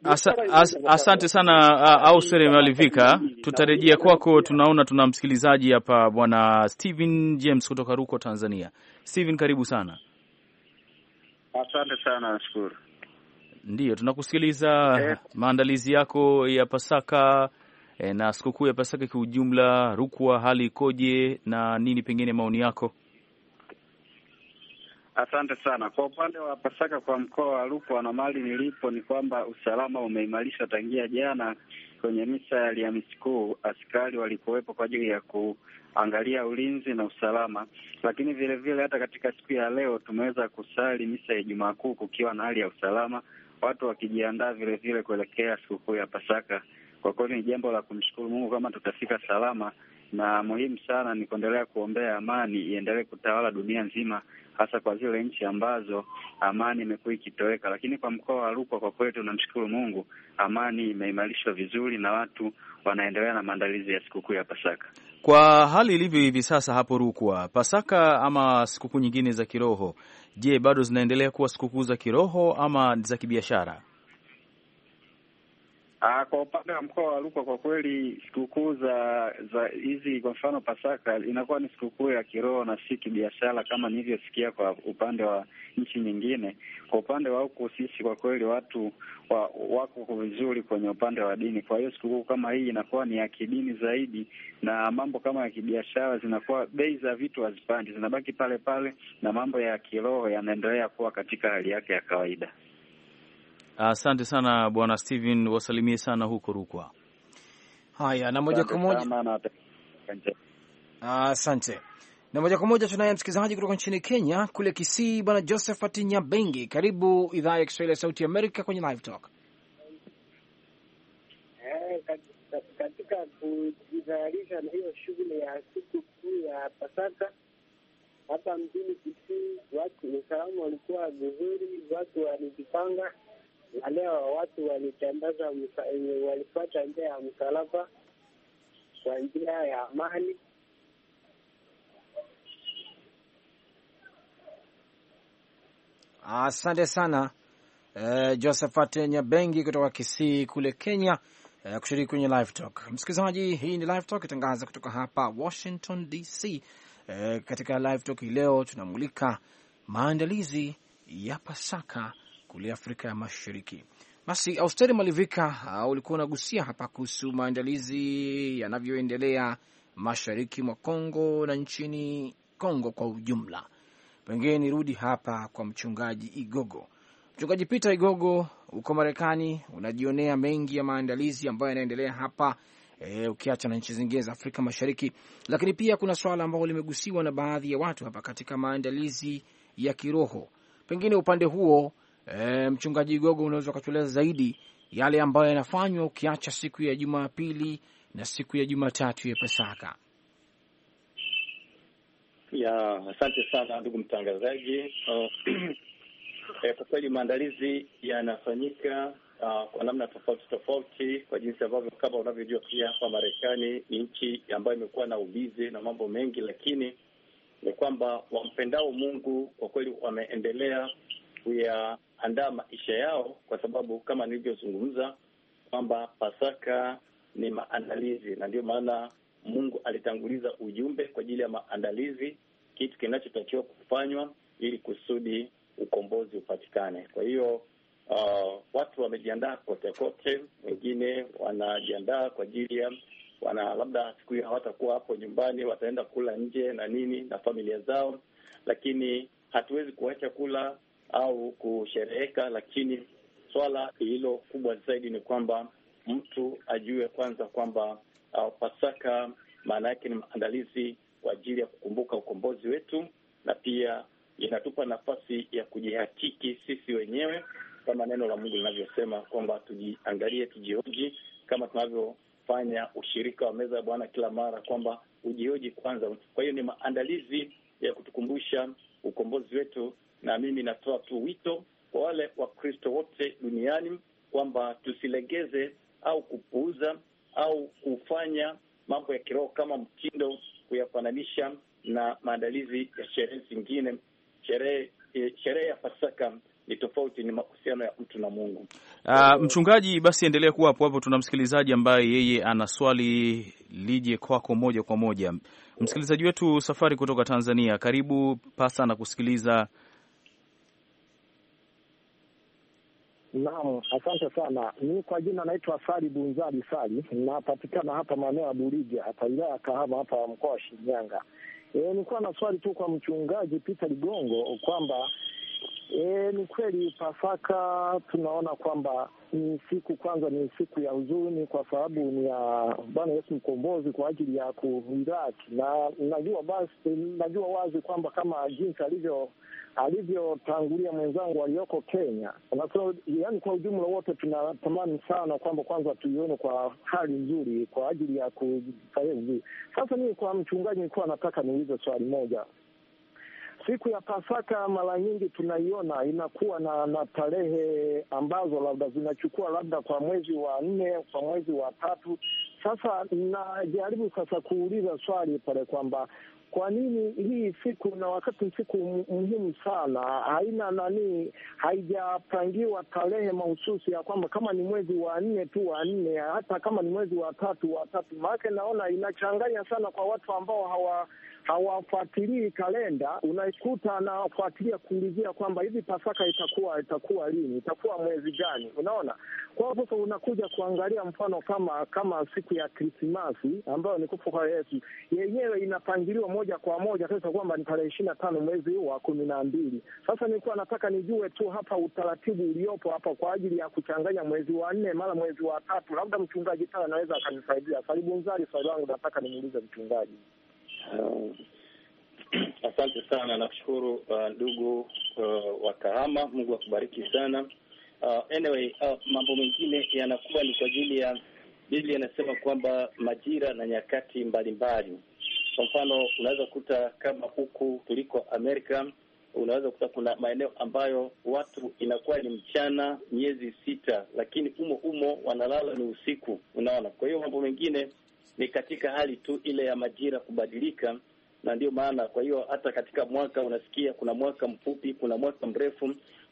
Asa, as, asante sana Ausere Malivika, tutarejea kwako. Tunaona tuna msikilizaji hapa, bwana Steven James kutoka Ruko, Tanzania. Steven, karibu sana. Asante sana, nashukuru. Ndiyo, tunakusikiliza. Eh, maandalizi yako ya Pasaka e, na sikukuu ya Pasaka kiujumla, Rukwa hali ikoje na nini, pengine maoni yako? Asante sana. Kwa upande wa Pasaka kwa mkoa wa Rukwa na mali nilipo ni kwamba usalama umeimarishwa tangia jana kwenye misa ya Alhamisi Kuu, askari walikuwepo kwa ajili ya kuangalia ulinzi na usalama, lakini vilevile vile hata katika siku ya leo tumeweza kusali misa ya Ijumaa Kuu kukiwa na hali ya usalama, watu wakijiandaa vilevile kuelekea sikukuu ya Pasaka. Kwa kweli ni jambo la kumshukuru Mungu kama tutafika salama na muhimu sana ni kuendelea kuombea amani iendelee kutawala dunia nzima, hasa kwa zile nchi ambazo amani imekuwa ikitoweka. Lakini kwa mkoa wa Rukwa, kwa kweli tunamshukuru Mungu, amani imeimarishwa vizuri na watu wanaendelea na maandalizi ya sikukuu ya Pasaka. Kwa hali ilivyo hivi sasa hapo Rukwa, Pasaka ama sikukuu nyingine za kiroho, je, bado zinaendelea kuwa sikukuu za kiroho ama za kibiashara? Aa, ah, kwa upande wa mkoa wa Rukwa kwa kweli sikukuu za za hizi kwa mfano Pasaka inakuwa ni sikukuu ya kiroho na si kibiashara kama nilivyosikia kwa upande wa nchi nyingine. Kwa upande wa huku sisi kwa kweli watu wa, wako vizuri kwenye upande wa dini, kwa hiyo sikukuu kama hii inakuwa ni ya kidini zaidi, na mambo kama ya kibiashara zinakuwa, bei za vitu hazipandi, zinabaki pale pale, na mambo ya kiroho yanaendelea kuwa katika hali yake ya kawaida. Asante sana bwana Steven, wasalimie sana huko Rukwa. Haya, na moja kwa moja asante, na moja kwa moja tunaye msikilizaji kutoka nchini Kenya, kule Kisii, bwana Josephat Nyabengi. Karibu idhaa ya Kiswahili ya Sauti Amerika kwenye Live Talk. Eh, katika kujitayarisha na hiyo shughuli ya siku kuu ya Pasaka hapa mjini Kisii, watu ni salamu, walikuwa vizuri, watu walijipanga na leo watu walitandaza, walifuata njia ya msalaba kwa njia ya amani. Asante sana uh, Josephat Nyabengi kutoka Kisii kule Kenya eh, kushiriki kwenye live talk. Msikilizaji, hii ni live talk itangaza kutoka hapa Washington DC. E, eh, katika live talk hii leo tunamulika maandalizi ya Pasaka kule Afrika ya Mashariki. Basi Austeri Malivika, uh, ulikuwa unagusia hapa kuhusu maandalizi yanavyoendelea mashariki mwa Kongo na nchini Kongo kwa ujumla. Pengine nirudi hapa kwa mchungaji Igogo. Mchungaji Peter Igogo, uko Marekani, unajionea mengi ya maandalizi ambayo yanaendelea hapa e, ukiacha na nchi zingine za Afrika Mashariki, lakini pia kuna swala ambalo limegusiwa na baadhi ya watu hapa katika maandalizi ya kiroho, pengine upande huo e, Mchungaji Gogo, unaweza ukatueleza zaidi yale ambayo yanafanywa ukiacha siku ya Jumapili na siku ya Jumatatu ya Pasaka? Ya, asante sana ndugu mtangazaji. Uh, eh, kwa kweli maandalizi yanafanyika uh, kwa namna tofauti tofauti, kwa jinsi ambavyo kama unavyojua pia hapa Marekani ni nchi ambayo imekuwa na ubizi na mambo mengi, lakini ni kwamba wampendao Mungu kwa kweli wameendelea kuya andaa maisha yao, kwa sababu kama nilivyozungumza kwamba Pasaka ni maandalizi, na ndio maana Mungu alitanguliza ujumbe kwa ajili ya maandalizi, kitu kinachotakiwa kufanywa ili kusudi ukombozi upatikane. Kwa hiyo uh, watu wamejiandaa kote kote, wengine wanajiandaa kwa ajili ya wana labda siku hiyo hawatakuwa hapo nyumbani, wataenda kula nje na nini na familia zao, lakini hatuwezi kuacha kula au kushereheka, lakini swala lililo kubwa zaidi ni kwamba mtu ajue kwanza kwamba uh, Pasaka maana yake ni maandalizi kwa ajili ya kukumbuka ukombozi wetu, na pia inatupa nafasi ya kujihakiki sisi wenyewe kama neno la Mungu linavyosema kwamba tujiangalie, tujihoji, kama tunavyofanya ushirika wa meza ya Bwana kila mara kwamba ujihoji kwanza. Kwa hiyo ni maandalizi ya kutukumbusha ukombozi wetu na mimi natoa tu wito kwa wale Wakristo wote duniani kwamba tusilegeze au kupuuza au kufanya mambo ya kiroho kama mtindo, kuyafananisha na maandalizi ya sherehe zingine. Sherehe eh, sherehe ya Pasaka ni tofauti, ni mahusiano ya mtu na Mungu. Uh, mchungaji, basi endelea kuwa hapo hapo. Tuna msikilizaji ambaye yeye ana swali lije kwako moja kwa moja. Msikilizaji wetu Safari kutoka Tanzania, karibu pasa na kusikiliza Naam, asante sana. Ni kwa jina naitwa Sali Bunzali Sali, napatikana hapa maeneo ya Burija hapa wilaya ya Kahama hapa mkoa wa Shinyanga. E, nilikuwa na swali tu kwa mchungaji Peter Ligongo kwamba E, ni kweli Pasaka tunaona kwamba ni siku kwanza, ni siku ya huzuni kwa sababu ni ya Bwana Yesu mkombozi kwa ajili ya kuiraki, na najua basi, najua wazi kwamba kama jinsi alivyo alivyotangulia mwenzangu aliyoko Kenya na so, yani kwa ujumla wote tunatamani sana kwamba kwanza tuione kwa hali nzuri kwa ajili ya vizuri. Sasa mii kwa mchungaji nilikuwa nataka niulize swali moja Siku ya Pasaka mara nyingi tunaiona inakuwa na, na tarehe ambazo labda zinachukua labda kwa mwezi wa nne, kwa mwezi wa tatu. Sasa najaribu sasa kuuliza swali pale kwamba kwa nini hii siku na wakati siku muhimu sana haina nani, haijapangiwa tarehe mahususi ya kwamba kama ni mwezi wa nne tu wa nne, hata kama ni mwezi wa tatu wa tatu, maanake naona inachanganya sana kwa watu ambao hawa hawafuatilii kalenda, unaikuta anafuatilia kuulizia kwamba hivi Pasaka itakuwa itakuwa lini, itakuwa mwezi gani? Unaona, kwa hiyo sasa unakuja kuangalia mfano kama kama siku ya Krismasi ambayo ni kufa kwa Yesu yenyewe inapangiliwa moja kwa moja sasa kwamba ni tarehe ishirini na tano mwezi huu wa kumi na mbili. Sasa nilikuwa nataka nijue tu hapa utaratibu uliopo hapa kwa ajili ya kuchanganya mwezi wa nne mara mwezi wa tatu, labda mchungaji tala anaweza akanisaidia. Karibu Nzari, swali langu nataka nimuulize mchungaji. Uh, asante sana, nakushukuru uh, ndugu uh, wa Kahama. Mungu akubariki sana. Uh, anyway uh, mambo mengine yanakuwa ni kwa ajili ya Biblia inasema kwamba majira na nyakati mbalimbali. Kwa mfano, unaweza kukuta kama huku tuliko Amerika, unaweza kuta kuna maeneo ambayo watu inakuwa ni mchana miezi sita, lakini umo umo wanalala ni usiku, unaona. Kwa hiyo mambo mengine ni katika hali tu ile ya majira kubadilika, na ndio maana kwa hiyo hata katika mwaka unasikia kuna mwaka mfupi, kuna mwaka mrefu.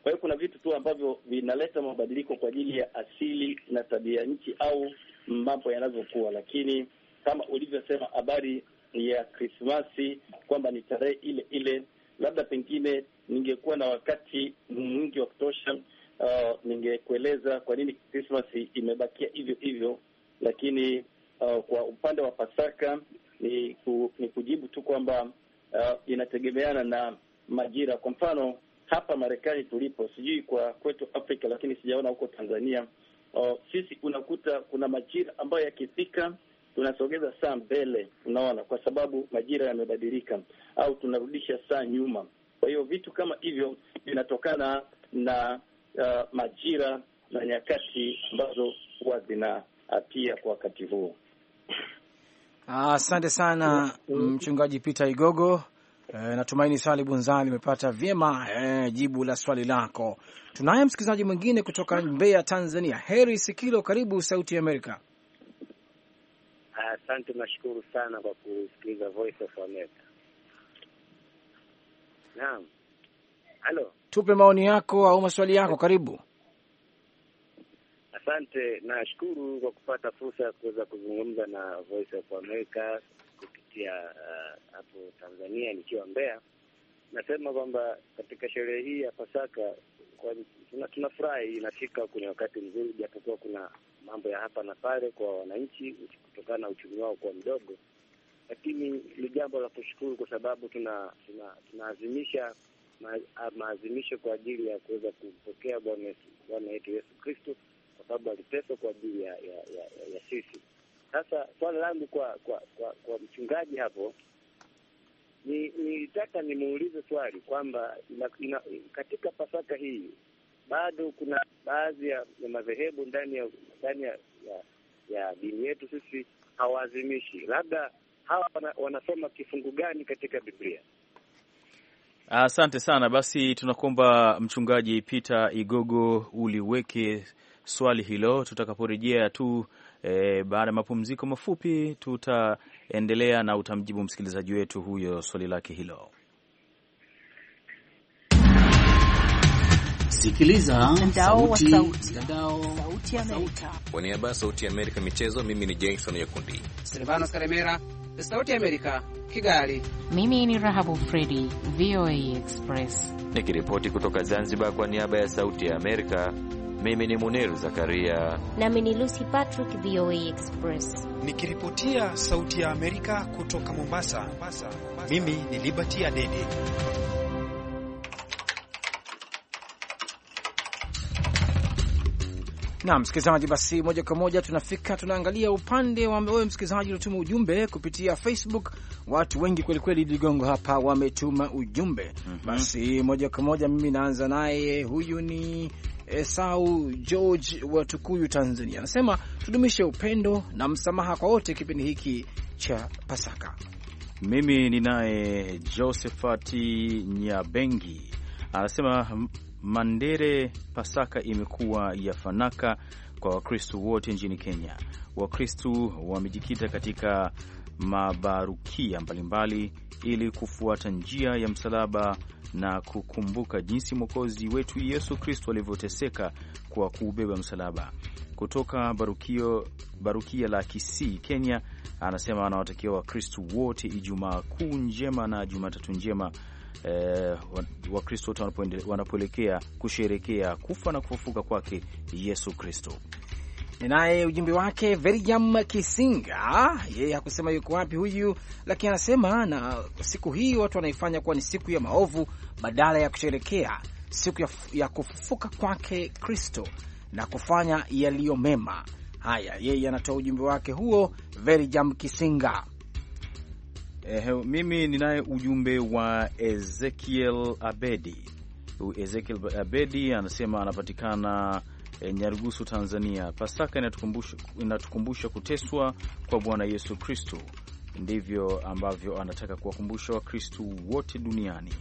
Kwa hiyo kuna vitu tu ambavyo vinaleta mabadiliko kwa ajili ya asili na tabia nchi au mambo yanavyokuwa, lakini kama ulivyosema habari ya Krismasi kwamba ni tarehe ile ile, labda pengine ningekuwa na wakati mwingi wa kutosha, uh, ningekueleza kwa nini Krismasi imebakia hivyo hivyo, lakini uh, kwa upande wa Pasaka ni, ku, ni kujibu tu kwamba uh, inategemeana na majira. Kwa mfano hapa Marekani tulipo, sijui kwa kwetu Afrika, lakini sijaona huko Tanzania. Uh, sisi unakuta kuna majira ambayo yakifika tunasogeza saa mbele, unaona, kwa sababu majira yamebadilika, au tunarudisha saa nyuma. Kwa hiyo vitu kama hivyo vinatokana na uh, majira na nyakati ambazo huwa zinaapia kwa wakati huo. Ah, asante sana mm-hmm. mchungaji Peter Igogo. Eh, natumaini swali bunzani limepata vyema eh, jibu la swali lako. Tunaye msikilizaji mwingine kutoka Mbeya, Tanzania. Heri Sikilo, karibu Sauti ya Amerika. Asante, nashukuru sana kwa kusikiliza Voice of America. Naam, halo, tupe maoni yako au maswali yako, karibu. Asante, nashukuru kwa kupata fursa ya kuweza kuzungumza na Voice of America kupitia uh, hapo uh, Tanzania, nikiwa Mbeya. Nasema kwamba katika sherehe hii ya Pasaka tunafurahi, tuna inafika kwenye wakati mzuri, japokuwa kuna mambo ya hapa na pale kwa wananchi kutokana na uchumi wao kuwa mdogo, lakini ni jambo la kushukuru kwa sababu tunaazimisha tuna, tuna maazimisho kwa ajili ya kuweza kumpokea Bwana yetu Yesu Kristo sababu aliteswa kwa ajili ya, ya, ya, ya, ya sisi. Sasa swala langu kwa kwa, kwa kwa mchungaji hapo ni nimuulize swali kwamba ina, ina, katika Pasaka hii bado kuna baadhi ya madhehebu ndani ya ndani ya, ya, ya dini yetu sisi hawaazimishi, labda hawa wana, wanasoma kifungu gani katika Biblia? Asante sana. Basi tunakuomba Mchungaji Peter Igogo uliweke swali hilo tutakaporejea tu e, baada ya mapumziko mafupi tutaendelea na utamjibu msikilizaji wetu huyo swali lake hilo. Sikiliza sauti, sauti Kwa niaba ya sauti ya Amerika michezo, mimi ni Jason Yakundi. Karemera, sauti ya Amerika, Kigali. Mimi ni Rahabu Fredi, VOA Express nikiripoti kutoka Zanzibar kwa niaba ya sauti ya Amerika. Mimi ni Munir Zakaria, nami ni Lucy Patrick, VOA Express, nikiripotia Sauti ya Amerika kutoka Mombasa. Mombasa, Mombasa. Mimi ni Liberty Adede. Na msikilizaji, basi moja kwa moja tunafika tunaangalia upande wa wewe msikilizaji uliotuma ujumbe kupitia Facebook. Watu wengi kwelikweli ligongo hapa wametuma ujumbe mm -hmm. Basi moja kwa moja mimi naanza naye, huyu ni Esau eh, George wa Tukuyu, Tanzania, anasema tudumishe upendo na msamaha kwa wote kipindi hiki cha Pasaka. Mimi ninaye josephati Nyabengi anasema Mandere, Pasaka imekuwa ya fanaka kwa Wakristo wote nchini Kenya. Wakristo wamejikita katika mabarukia mbalimbali ili kufuata njia ya msalaba na kukumbuka jinsi mwokozi wetu Yesu Kristo alivyoteseka kwa kuubeba msalaba. Kutoka Barukio, Barukia la Kisii, Kenya, anasema anawatakia Wakristo wote Ijumaa Kuu njema na Jumatatu njema. Eh, Wakristo wote wanapoelekea kusherekea kufa na kufufuka kwake Yesu Kristo naye ujumbe wake Verjam Kisinga, yeye hakusema yuko wapi huyu, lakini anasema na siku hii watu wanaifanya kuwa ni siku ya maovu badala ya kusherekea siku ya, ya kufufuka kwake Kristo na kufanya yaliyo mema. Haya, yeye anatoa ujumbe wake huo Verjam Kisinga. Eh, mimi ninaye ujumbe wa Ezekiel Abedi. Ezekiel Abedi anasema anapatikana e, Nyarugusu, Tanzania. Pasaka inatukumbusha, inatukumbusha kuteswa kwa Bwana Yesu Kristu. Ndivyo ambavyo anataka kuwakumbusha Wakristu wote duniani.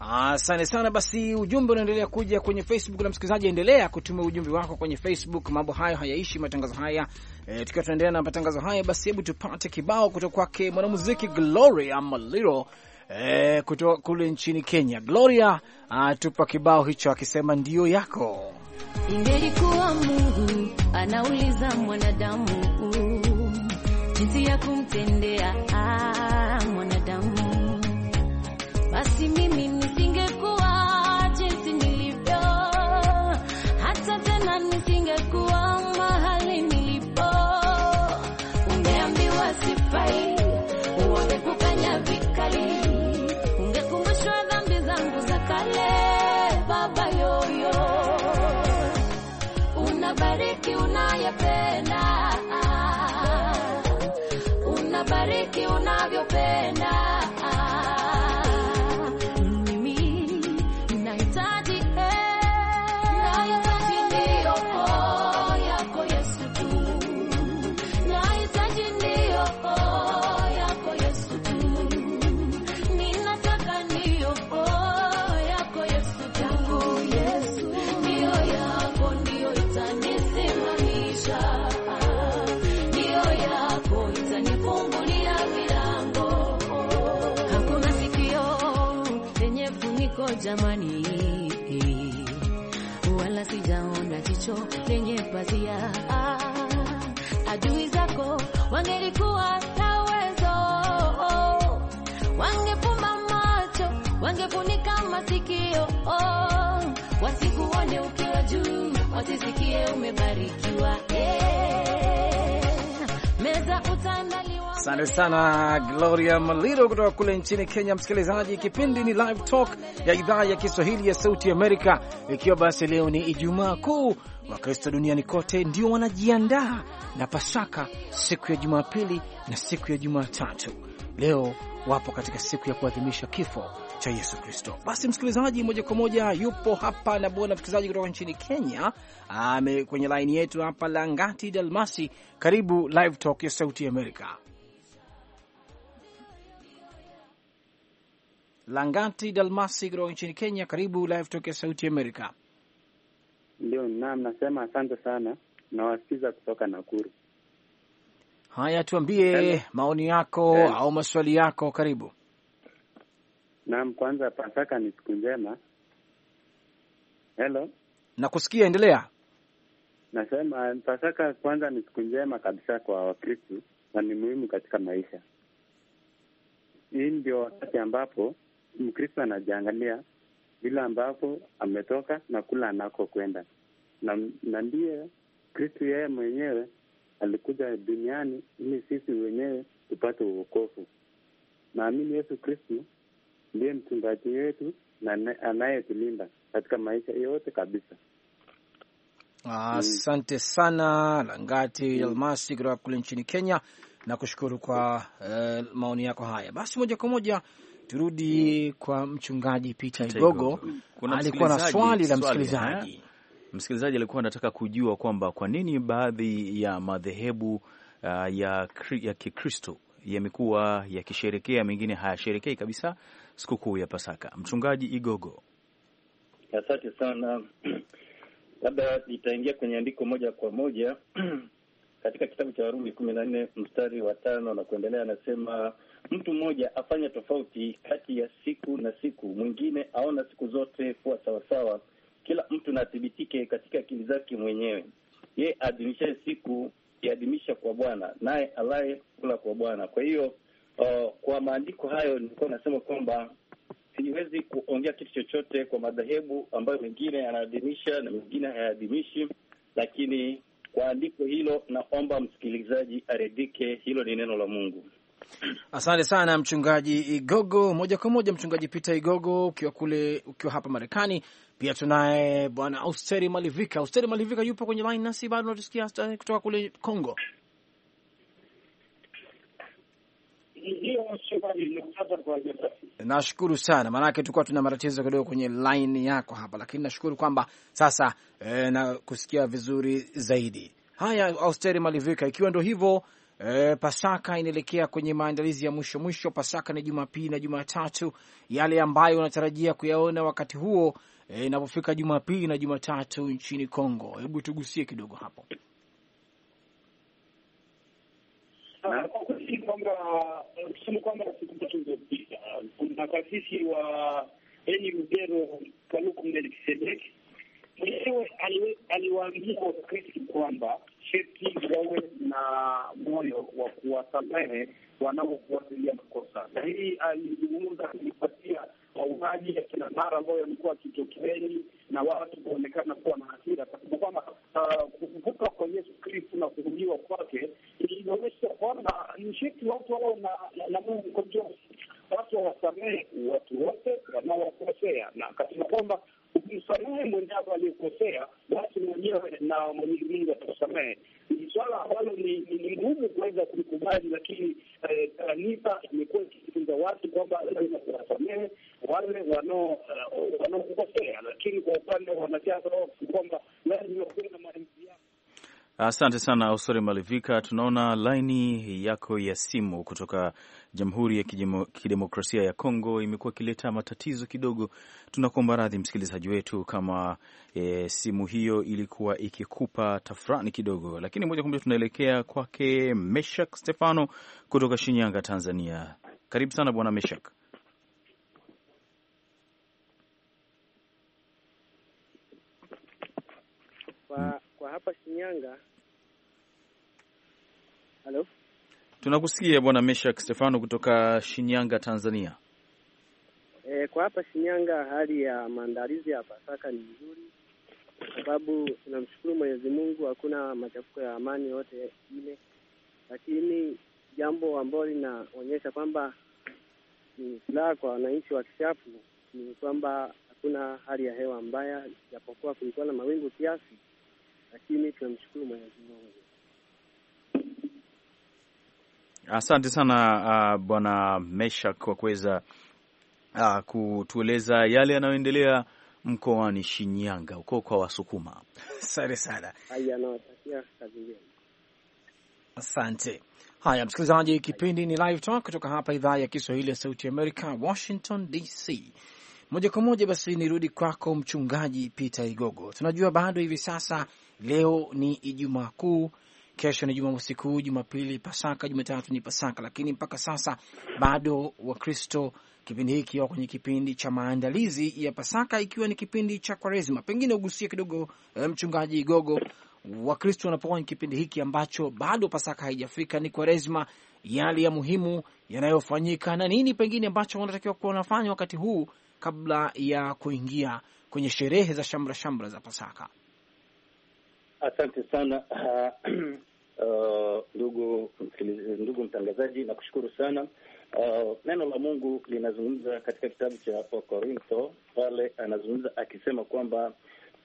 Asante sana. Basi ujumbe unaendelea kuja kwenye Facebook na msikilizaji, endelea kutuma ujumbe wako kwenye Facebook. Mambo hayo hayaishi, matangazo haya e, tukiwa tunaendelea na matangazo haya, basi hebu tupate kibao kutoka kwake mwanamuziki Gloria Maliro e, kutoka kule nchini Kenya. Gloria atupa ah, kibao hicho akisema ndiyo yako Ingelikuwa Mungu anauliza mwanadamu jinsi ya kumtendea ah, mwanadamu, basi mimi nisingekuwa jinsi nilivyo, hata tena nisingekuwa mahali nilipo. Umeambiwa sifai, wamekufanya vikali kuangazia ah, adui zako wangelikuwa na uwezo oh, wangefumba macho wangefunika masikio oh, wasikuone ukiwa juu wasisikie umebarikiwa meza Asante sana Gloria Maliro kutoka kule nchini Kenya. Msikilizaji, kipindi ni Live Talk ya idhaa ya Kiswahili ya Sauti Amerika, ikiwa basi leo ni Ijumaa Kuu, Wakristo duniani kote ndio wanajiandaa na Pasaka siku ya Jumapili na siku ya Jumatatu. Leo wapo katika siku ya kuadhimisha kifo cha Yesu Kristo. Basi msikilizaji, moja kwa moja yupo hapa na bwana msikilizaji kutoka nchini Kenya ame kwenye laini yetu hapa, Langati Dalmasi, karibu Live Talk ya Sauti ya Amerika. Langati Dalmasi kutoka nchini Kenya, karibu Live Talk ya Sauti ya Amerika. Ndio, naam, nasema asante sana, nawasikiza kutoka Nakuru. Haya, tuambie maoni yako yeah, au maswali yako, karibu. Naam, kwanza Pasaka ni siku njema. Hello, nakusikia, endelea. Nasema Pasaka kwanza ni siku njema kabisa kwa wakristu na ni muhimu katika maisha. Hii ndio wakati ambapo Mkristo anajiangalia vile ambavyo ametoka na kula anakokwenda, na ndiye Kristu yeye mwenyewe alikuja duniani ili sisi wenyewe tupate uokovu. Naamini Yesu Kristu ndiye mchungaji wetu na anayetulinda katika maisha yote kabisa. Asante ah, mm. sana Langati mm. Almasi kutoka kule nchini Kenya na kushukuru kwa eh, maoni yako haya. Basi moja kwa moja Turudi kwa mchungaji Peter Igogo, alikuwa na swali la msikilizaji. Msikilizaji alikuwa anataka kujua kwamba kwa nini baadhi ya madhehebu uh, ya, ya Kikristo yamekuwa yakisherekea, mengine hayasherekei kabisa sikukuu ya Pasaka. Mchungaji Igogo: asante sana labda nitaingia kwenye andiko moja kwa moja katika kitabu cha Warumi kumi na nne mstari wa tano na kuendelea, anasema mtu mmoja afanya tofauti kati ya siku na siku, mwingine aona siku zote kuwa sawasawa. Kila mtu athibitike katika akili zake mwenyewe. Ye aadhimishaye siku iadhimisha kwa Bwana, naye alaye kula kwa Bwana. Kwa hiyo uh, kwa maandiko hayo nilikuwa nasema kwamba siwezi kuongea kitu chochote kwa madhehebu ambayo mengine yanaadhimisha na mengine hayaadhimishi, lakini kwa andiko hilo naomba msikilizaji aridhike, hilo ni neno la Mungu. Asante sana mchungaji Igogo. Moja kwa moja, mchungaji Peter Igogo, ukiwa kule, ukiwa hapa Marekani. Pia tunaye bwana Austeri Malivika. Austeri Malivika yupo kwenye laini nasi, bado unatusikia kutoka kule Congo? Nashukuru sana, maanake tulikuwa tuna matatizo kidogo kwenye laini yako hapa, lakini nashukuru kwamba sasa e, na kusikia vizuri zaidi. Haya, Austeri Malivika, ikiwa ndo hivyo E, Pasaka inaelekea kwenye maandalizi ya mwisho mwisho. Pasaka ni Jumapili na Jumatatu, yale ambayo unatarajia kuyaona wakati huo e, inapofika e, Jumapili na Jumatatu nchini Kongo. Hebu tugusie kidogo hapo. Kusema eh, kwamba siku tatu zilizopita kuna kasisi wa eni Lugero Kaluku Melkisedeki mwenyewe aliwaambia Wakristo kwamba sheti wawe na moyo wa kuwasamehe wanaofuatilia makosa, na hii alizungumza kulipatia mauaji ya kila mara ambayo yamekuwa akitokeni na watu kuonekana kuwa na hasira, kasema kwamba uh, kuvuka kwa Yesu Kristu na kuhuliwa kwake inaonyesha kwamba ni sheti watu wao na Mungu kwa watu wawasamehe watu wote wanaowakosea, na akasema kwamba ukisamehe mwenzako aliyekosea, basi mwenyewe na Mwenyezi Mungu atakusamehe. Ni swala ambalo ni ngumu kuweza kulikubali, lakini eh, kanisa imekuwa ikifunza watu kwamba lazima kuwasamehe wale wanaokukosea, eh, lakini kwa upande wa wanasiasa wao kwamba lazima kuwe na maamuzi maridhiano. Asante sana Osore Malivika. Tunaona laini yako ya simu kutoka Jamhuri ya Kidemokrasia ya Kongo imekuwa ikileta matatizo kidogo. Tunakuomba radhi msikilizaji wetu kama e, simu hiyo ilikuwa ikikupa tafrani kidogo, lakini moja kwa moja tunaelekea kwake Meshak Stefano kutoka Shinyanga, Tanzania. Karibu sana Bwana Meshak. Ba hapa Shinyanga. Halo, tunakusikia Bwana Meshak Stefano kutoka Shinyanga, Tanzania. E, kwa hapa Shinyanga hali ya maandalizi ya Pasaka ni nzuri kwa sababu tunamshukuru Mwenyezi Mungu, hakuna machafuko ya amani yote ile, lakini jambo ambalo linaonyesha kwamba ni furaha kwa wananchi wa Kishapu ni kwamba hakuna hali ya hewa mbaya, japokuwa kulikuwa na mawingu kiasi lakini tunamshukuru Mwenyezi Mungu. Asante sana uh, Bwana Meshak kwa kuweza uh, kutueleza yale yanayoendelea mkoani Shinyanga huko kwa Wasukuma. Asante sana, asante. Haya msikilizaji, kipindi ni Live Talk kutoka hapa idhaa ya Kiswahili ya Sauti Amerika, Washington DC. Moja kwa moja basi nirudi kwako Mchungaji Peter Igogo, tunajua bado hivi sasa Leo ni Ijumaa Kuu, kesho ni Jumamosi Kuu, Jumapili Pasaka, Jumatatu ni Pasaka. Lakini mpaka sasa bado Wakristo kipindi hiki kiwa kwenye kipindi cha maandalizi ya Pasaka, ikiwa ni kipindi cha Kwaresima. Pengine ugusie kidogo, eh, mchungaji Igogo, Wakristo wanapokuwa kwenye kipindi hiki ambacho bado Pasaka haijafika, ni Kwaresima, yale ya muhimu yanayofanyika na nini pengine ambacho wanatakiwa kuwa wanafanya wakati huu kabla ya kuingia kwenye sherehe za shamra shamra za Pasaka. Asante sana uh, ndugu uh, mtangazaji, na kushukuru sana uh, neno la Mungu linazungumza katika kitabu cha Wakorintho pale anazungumza akisema kwamba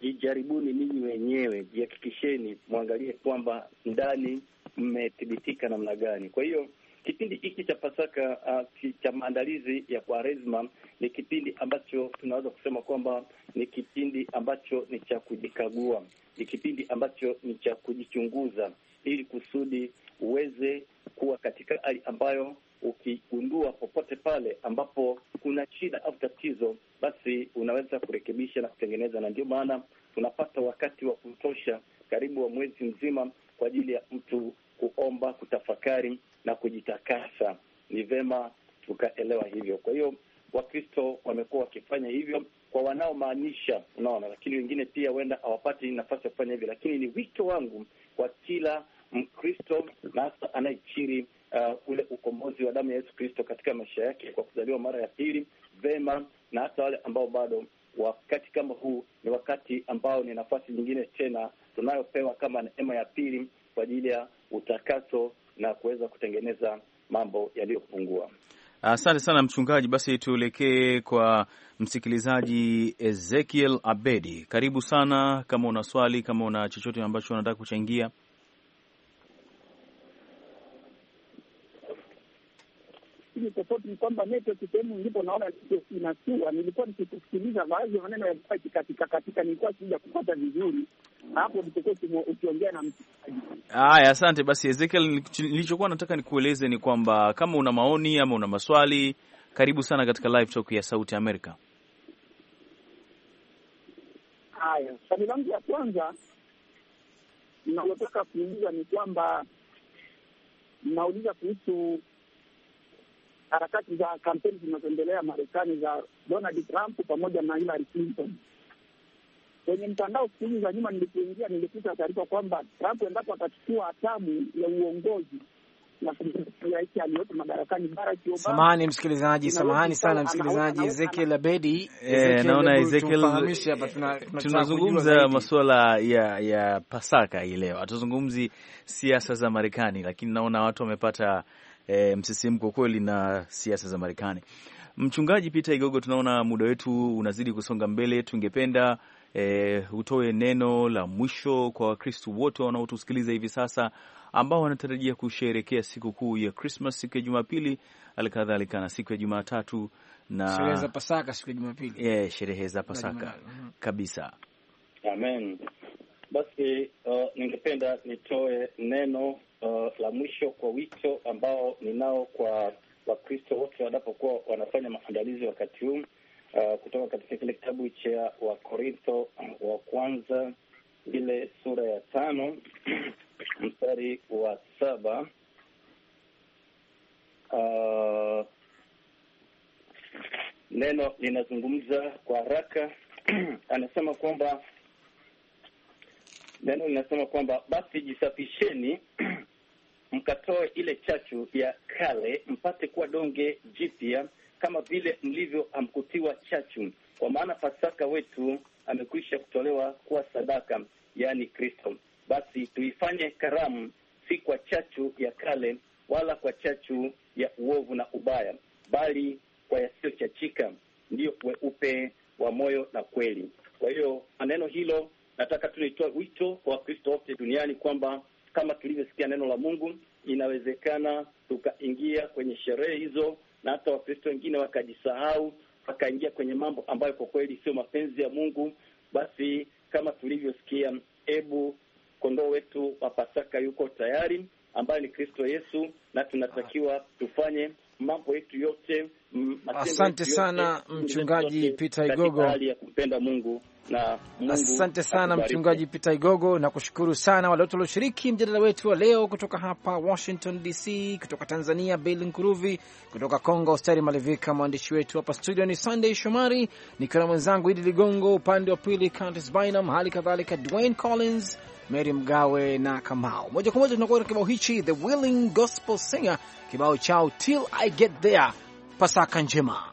jijaribuni ninyi wenyewe, jihakikisheni, mwangalie kwamba ndani mmethibitika namna gani. Kwa hiyo Kipindi hiki cha Pasaka uh, cha maandalizi ya Kwaresma ni kipindi ambacho tunaweza kusema kwamba ni kipindi ambacho ni cha kujikagua, ni kipindi ambacho ni cha kujichunguza, ili kusudi uweze kuwa katika hali ambayo ukigundua popote pale ambapo kuna shida au tatizo, basi unaweza kurekebisha na kutengeneza. Na ndio maana tunapata wakati wa kutosha, karibu wa mwezi mzima, kwa ajili ya mtu kuomba, kutafakari na kujitakasa. Ni vema tukaelewa hivyo. Kwa hiyo Wakristo wamekuwa wakifanya hivyo kwa wanaomaanisha, unaona, lakini wengine pia huenda hawapati nafasi ya kufanya hivyo, lakini ni wito wangu kwa kila Mkristo na hasa anayekiri uh, ule ukombozi wa damu ya Yesu Kristo katika maisha yake kwa kuzaliwa mara ya pili, vema, na hata wale ambao bado wakati kama huu ni wakati ambao ni nafasi nyingine tena tunayopewa kama neema ya pili kwa ajili ya utakaso na kuweza kutengeneza mambo yaliyopungua. Asante sana mchungaji. Basi tuelekee kwa msikilizaji Ezekiel Abedi, karibu sana. Kama una swali, kama una chochote ambacho unataka kuchangia lakini tofauti ni kwamba network sehemu nilipo naona inasua. Nilikuwa nikikusikiliza baadhi ya maneno yalikuwa ikikatika katika, nilikuwa sija kupata vizuri hapo ulipokuwa ukiongea na msikilizaji. Haya, asante basi. Ezekiel, nilichokuwa nataka nikueleze ni kwamba kama una maoni ama una maswali, karibu sana katika live talk ya Sauti Amerika. Haya, swali langu ya kwanza nalotaka kuuliza ni kwamba nauliza kuhusu harakati za kampeni zinazoendelea Marekani za Donald Trump pamoja na Hillary Clinton. Kwenye mtandao siku hizi za nyuma nilipoingia, nilikuta taarifa kwamba Trump endapo atachukua hatamu ya uongozi Samahani msikilizaji, samahani sana msikilizaji. Ezekiel Abedi, eh, naona Ezekiel, eh, tunazungumza masuala ya ya Pasaka hii leo, hatuzungumzi siasa za Marekani, lakini naona watu wamepata e, msisimko kweli na siasa za Marekani. Mchungaji Peter Igogo, tunaona muda wetu unazidi kusonga mbele, tungependa e, utoe neno la mwisho kwa Wakristo wote wanaotusikiliza hivi sasa ambao wanatarajia kusherekea sikukuu ya Krismas siku ya Jumapili, halikadhalika na siku ya Jumatatu na sherehe za Pasaka siku ya Jumapili, yeah, sherehe za Pasaka mhm. kabisa. Amen. Basi uh, ningependa nitoe neno uh, la mwisho kwa wito ambao ninao kwa Wakristo wote wanapokuwa wanafanya maandalizi wakati huu uh, kutoka katika kile kitabu cha Wakorintho wa kwanza ile sura ya tano mstari wa saba uh, neno linazungumza kwa haraka anasema kwamba neno linasema kwamba basi jisafisheni mkatoe ile chachu ya kale mpate kuwa donge jipya, kama vile mlivyo amkutiwa chachu, kwa maana Pasaka wetu amekwisha kutolewa kuwa sadaka, yaani Kristo. Basi tuifanye karamu, si kwa chachu ya kale wala kwa chachu ya uovu na ubaya, bali kwa yasiyochachika, ndiyo weupe wa moyo na kweli. Kwa hiyo maneno hilo nataka tu nitoe wito kwa Wakristo wote duniani kwamba kama tulivyosikia neno la Mungu, inawezekana tukaingia kwenye sherehe hizo na hata Wakristo wengine wakajisahau, wakaingia kwenye mambo ambayo kwa kweli sio mapenzi ya Mungu. Basi kama tulivyosikia, ebu kondoo wetu wa Pasaka yuko tayari, ambaye ni Kristo Yesu, na tunatakiwa tufanye mambo yetu yote. Mm, Asante sana yote, mchungaji Peter Igogo, hali ya kumpenda Mungu na Mungu. Asante sana mchungaji Peter Igogo, na kushukuru sana wale wote walioshiriki mjadala wetu wa leo, kutoka hapa Washington DC, kutoka Tanzania bel Nkuruvi, kutoka congo Austari Malivika, mwandishi wetu hapa studio ni Sunday Shomari, nikiwa na mwenzangu Idi Ligongo, upande wa pili Curtis Bynum, hali kadhalika Dwayne Collins, Mary Mgawe na Kamau. Moja kwa moja tunakuwa na kibao hichi The Willing Gospel Singer, kibao chao Till I Get There. Pasaka njema.